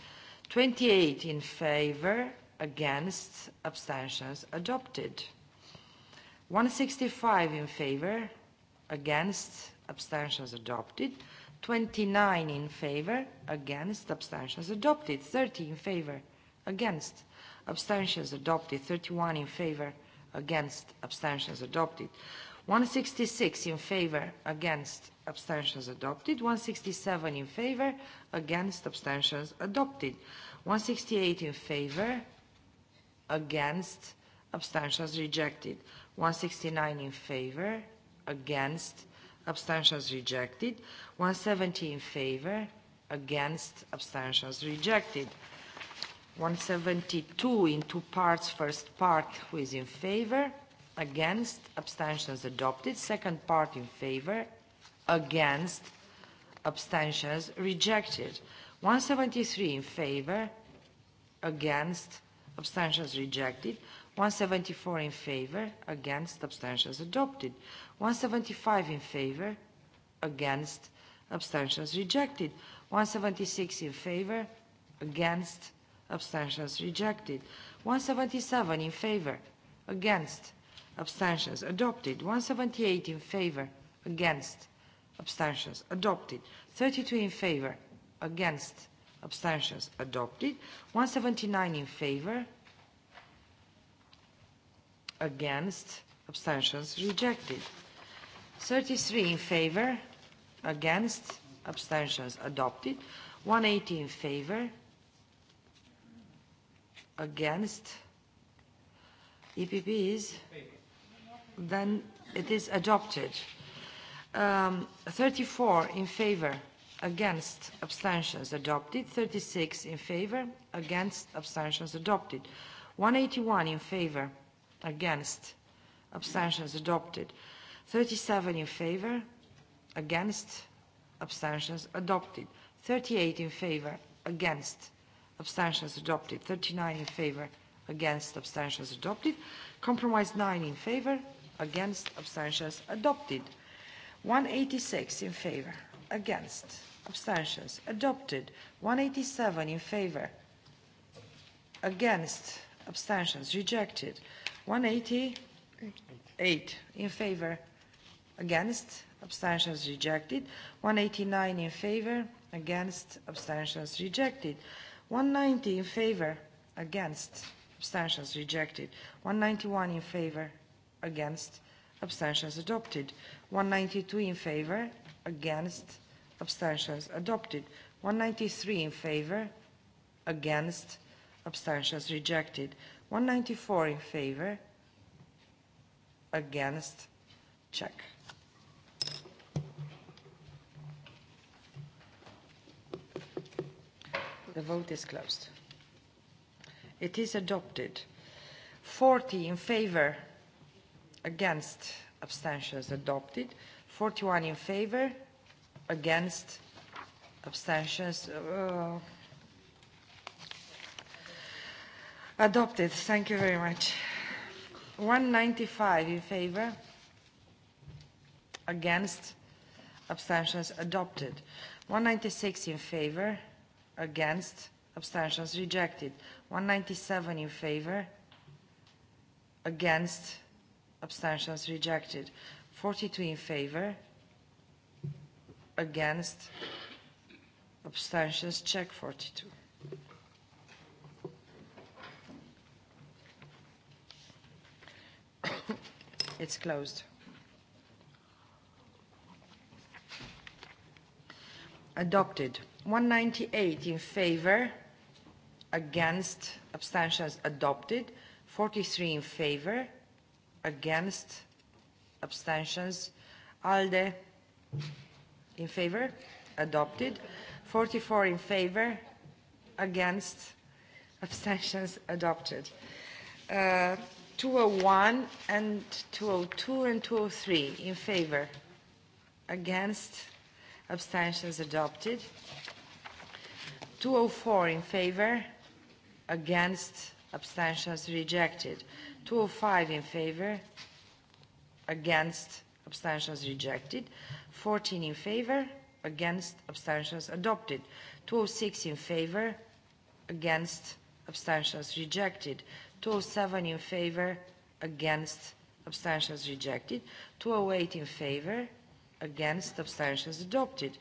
28 in favor against abstentions adopted 165 in favor against, abstentions adopted. 29 in favor, against, abstentions adopted. 30 in favor, against, abstentions adopted. 31 in favor, against, abstentions adopted. 166 in favor, against, abstentions adopted. 167 in favor, against, abstentions adopted. 168 in favor, against, abstentions rejected. 169 in favor, against, abstentions rejected. 170 in favor, against, abstentions rejected. 172 in two parts, first part who is in favor, against, abstentions adopted. Second part in favor, against, abstentions rejected. 173 in favor, against, abstentions rejected. 174 in favor, against, abstentions adopted. 175 in favor, against, abstentions rejected. 176 in favor, against, abstentions rejected. 177 in favor, against, abstentions adopted. 178 in favor, against, abstentions adopted. 32 in favor, against, abstentions adopted. 179 in favor, against, abstentions rejected. 33 in favor, against, abstentions adopted. 180 in favor, against. EPPs. Then it is adopted. Um, 34 in favor, against, abstentions adopted. 36 in favor, against, abstentions adopted. 181 in favor, against, abstentions adopted. 37 in favor, against, abstentions adopted. 38 in favor, against, abstentions adopted. 39 in favor, against, abstentions adopted. Compromise 9 in favor, against, abstentions adopted. 186 in favor, against, abstentions adopted. 187 in favor, against, abstentions rejected. 188 in favor, against abstentions rejected 189 in favor against abstentions rejected 190 in favor against abstentions rejected 191 in favor against abstentions adopted 192 in favor against abstentions adopted 193 in favor against abstentions rejected 194 in favor against check The vote is closed. It is adopted. 40 in favor, against, abstentions adopted. 41 in favor, against, abstentions uh, adopted. Thank you very much. 195 in favor, against, abstentions adopted. 196 in favor, against, abstentions rejected. 197 in favor, against, abstentions rejected. 42 in favor, against, abstentions check 42. It's closed. Adopted. 198 in favor, against, abstentions adopted. 43 in favor, against, abstentions. ALDE in favor, adopted. 44 in favor, against, abstentions adopted. Uh, 201 and 202 and 203 in favor, against, abstentions adopted. 204 in favor, against, abstentions rejected. 205 in favor, against, abstentions rejected. 14 in favor, against, abstentions adopted. 206 in favor, against, abstentions rejected. 207 in favor, against, abstentions rejected. 208 in favor, against, abstentions adopted.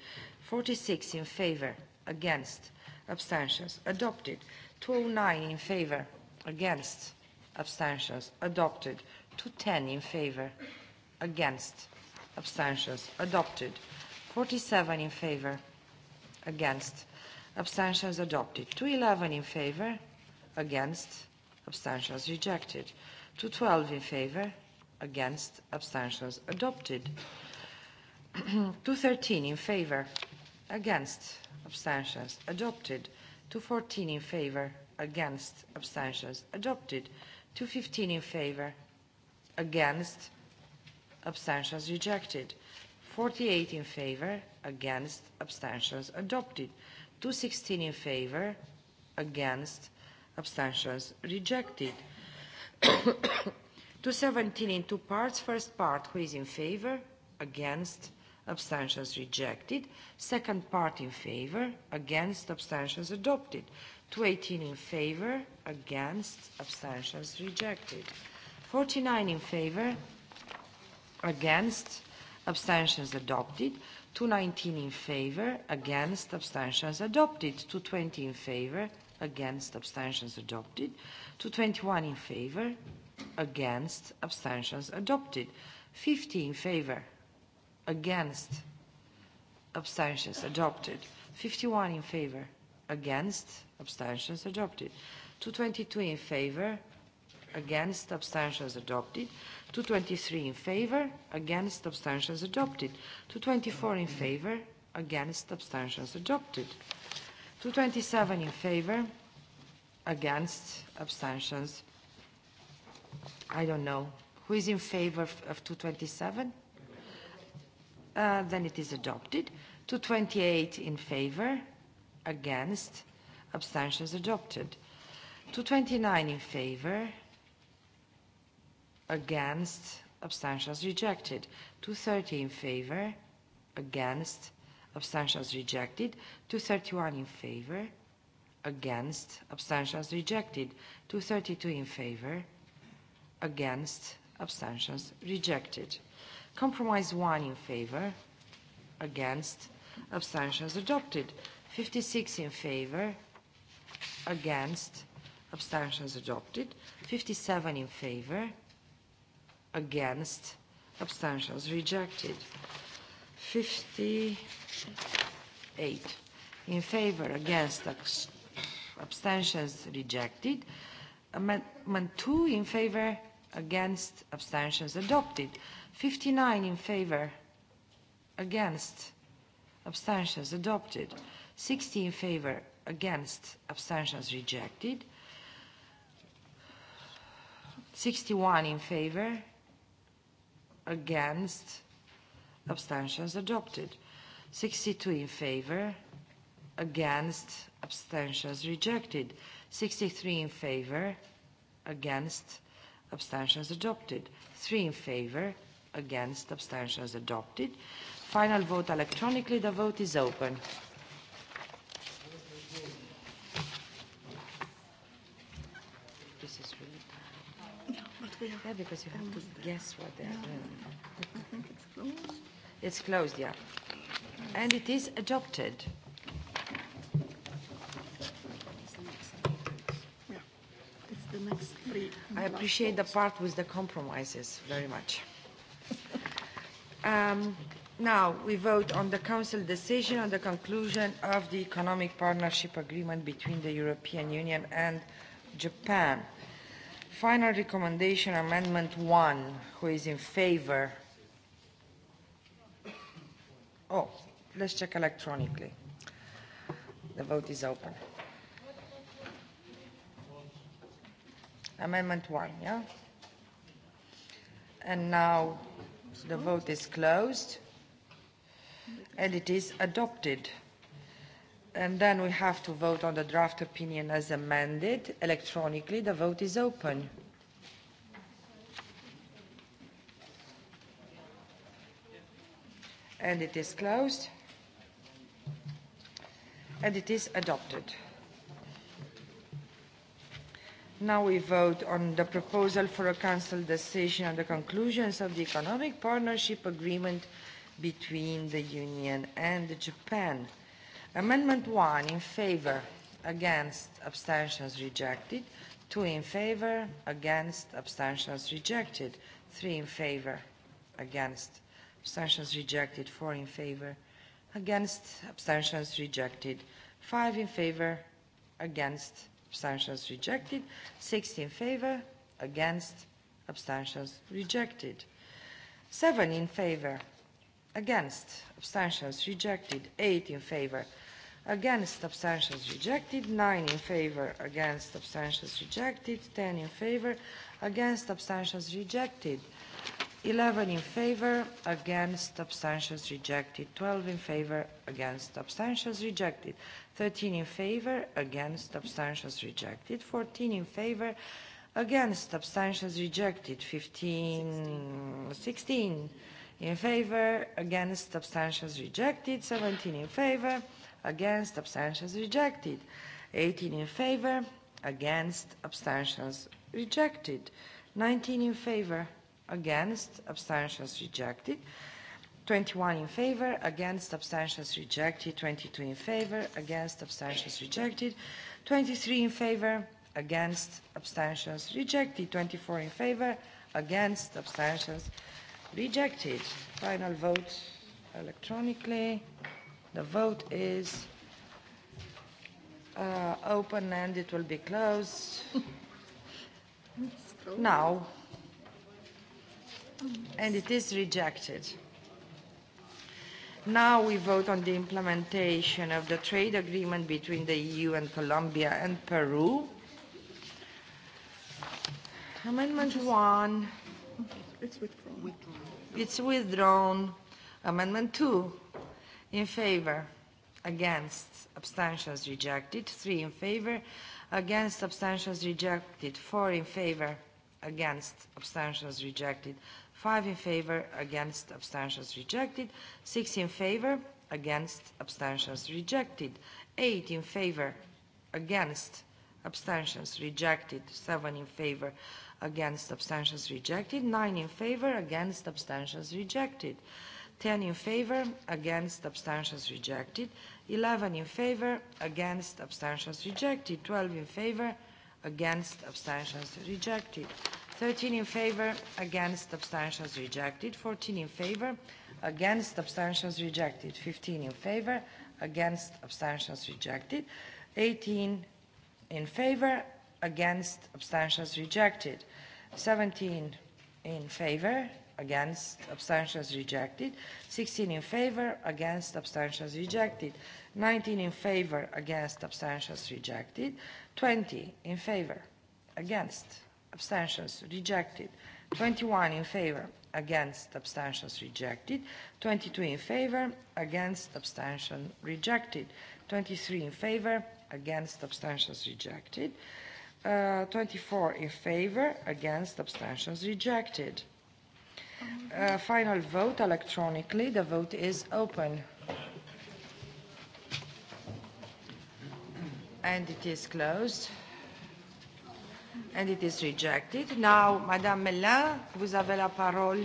46 in favor, against, abstentions adopted 209 in favor against abstentions adopted 210 in favor against abstentions adopted 47 in favor against abstentions adopted 211 in favor against abstentions rejected 212 in favor against abstentions adopted 213 in favor against, abstentions adopted. 214 in favor, against, abstentions adopted. 215 in favor, against, abstentions rejected. 48 in favor, against, abstentions adopted. 216 in favor, against, abstentions rejected. 217 in two parts, first part, who is in favor, against, abstentions rejected. Second part in favor, against, abstentions adopted. 218 in favor, against, abstentions rejected. 49 in favor, against, abstentions adopted. 219 in favor, against, abstentions adopted. 220 in favor, against, abstentions adopted. 221 in favor, against, abstentions adopted. 50 in favor, against, abstentions adopted. 51 in favor, against, abstentions adopted. 222 in favor, against, abstentions adopted. 223 in favor, against, abstentions adopted. 224 in favor, against, abstentions adopted. 227 in favor, against, abstentions. I don't know. Who is in favor of 227? Uh, then it is adopted. 228 in favor, against, abstentions adopted. 229 in favor, against, abstentions rejected. 230 in favor, against, abstentions rejected. 231 in favor, against, abstentions rejected. 232 in favor, against, abstentions rejected. Compromise one in favor, against, abstentions adopted. 56 in favor, against, abstentions adopted. 57 in favor, against, abstentions rejected. 58 in favor, against, abstentions rejected. Amendment two in favor, against, abstentions adopted. 59 in favor, against, abstentions adopted. 60 in favor, against, abstentions rejected. 61 in favor, against, abstentions adopted. 62 in favor, against, abstentions rejected. 63 in favor, against, abstentions adopted. 3 in favor, against abstentions adopted final vote electronically the vote is open this is really yeah, because you have to guess what they are doing it's closed it's closed yeah and it is adopted I appreciate the part with the compromises very much. Um, now we vote on the Council decision on the conclusion of the Economic Partnership Agreement between the European Union and Japan. Final recommendation, Amendment 1. Who is in favor? Oh, let's check electronically. The vote is open. Amendment 1, yeah? And now The vote is closed, and it is adopted. And then we have to vote on the draft opinion as amended electronically. The vote is open. And it is closed, and it is adopted. Now we vote on the proposal for a Council decision on the conclusions of the Economic Partnership Agreement between the Union and Japan. Amendment 1 in favor, against, abstentions rejected. 2 in favor, against, abstentions rejected. 3 in favor, against, abstentions rejected. 4 in favor, against, abstentions rejected. 5 in favor, against, abstentions rejected. 6 in favor, against, abstentions rejected. 7 in favor, against, abstentions rejected. 8 in favor, against, abstentions rejected. 9 in favor, against, abstentions rejected. 10 in favor, against, abstentions rejected. 11 in favor, against, abstentions rejected. 12 in favor, against, abstentions rejected. 13 in favor, against, abstentions rejected. 14 in favor, against, abstentions rejected. 15, 16, 16 in favor, against, abstentions rejected. 17 in favor, against, abstentions rejected. 18 in favor, against, abstentions rejected. 19 in favor, against, abstentions rejected. 21 in favor, against, abstentions rejected. 22 in favor, against, abstentions rejected. 23 in favor, against, abstentions rejected. 24 in favor, against, abstentions rejected. Final vote electronically. The vote is uh, open and it will be closed. now and it is rejected. Now we vote on the implementation of the trade agreement between the EU and Colombia and Peru. Amendment one. It's withdrawn. It's withdrawn. Amendment two. In favor. Against. Abstentions rejected. Three in favor. Against. Abstentions rejected. Four in favor. Against. Abstentions rejected five in favor, against, abstentions rejected, six in favor, against, abstentions rejected, eight in favor, against, abstentions rejected, seven in favor, against, abstentions rejected, nine in favor, against, abstentions rejected, 10 in favor, against, abstentions rejected, 11 in favor, against, abstentions rejected, 12 in favor, against, abstentions rejected. 13 in favor, against, abstentions rejected. 14 in favor, against, abstentions rejected. 15 in favor, against, abstentions rejected. 18 in favor, against, abstentions rejected. 17 in favor, against, abstentions rejected. 16 in favor, against, abstentions rejected. 19 in favor, against, abstentions rejected. 20 in favor, against, abstentions rejected. 21 in favor, against abstentions rejected. 22 in favor, against abstention rejected. 23 in favor, against abstentions rejected. Uh, 24 in favor, against abstentions rejected. Uh, final vote electronically. The vote is open. And it is closed and it is rejected. Now, Madame Mellin, vous avez la parole.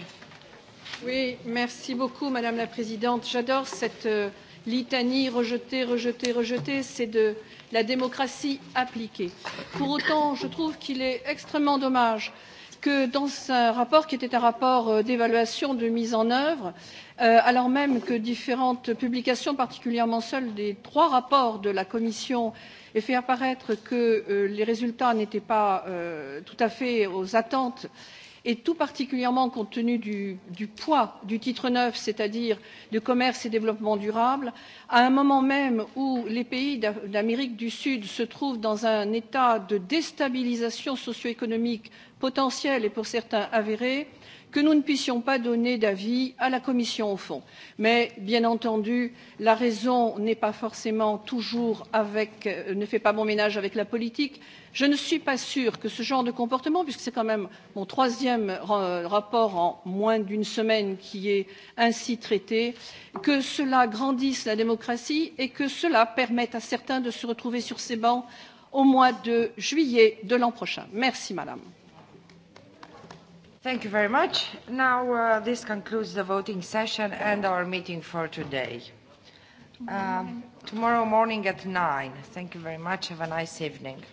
Oui, merci beaucoup, Madame la Présidente. J'adore cette euh, litanie rejetée, rejetée, rejetée. C'est de la démocratie appliquée. Pour autant, je trouve qu'il est extrêmement dommage que dans un rapport qui était un rapport euh, d'évaluation de mise en œuvre, Euh, alors même que différentes publications particulièrement celle des trois rapports de la commission aient fait apparaître que euh, les résultats n'étaient pas euh, tout à fait aux attentes et tout particulièrement compte tenu du, du poids du titre neuf c'est à dire du commerce et développement durable à un moment même où les pays d'amérique du sud se trouvent dans un état de déstabilisation socio économique potentielle et pour certains avérée que nous ne puissions pas donner d'avis à la commission au fond. mais bien entendu la raison n'est pas forcément toujours avec, euh, ne fait pas bon ménage avec la politique. je ne suis pas sûre que ce genre de comportement puisque c'est quand même mon troisième rapport en moins d'une semaine qui est ainsi traité que cela grandisse la démocratie et que cela permette à certains de se retrouver sur ces bancs au mois de juillet de l'an prochain. merci madame. Thank you very much. Now, uh, this concludes the voting session and our meeting for today. Um, tomorrow morning at 9. Thank you very much. Have a nice evening.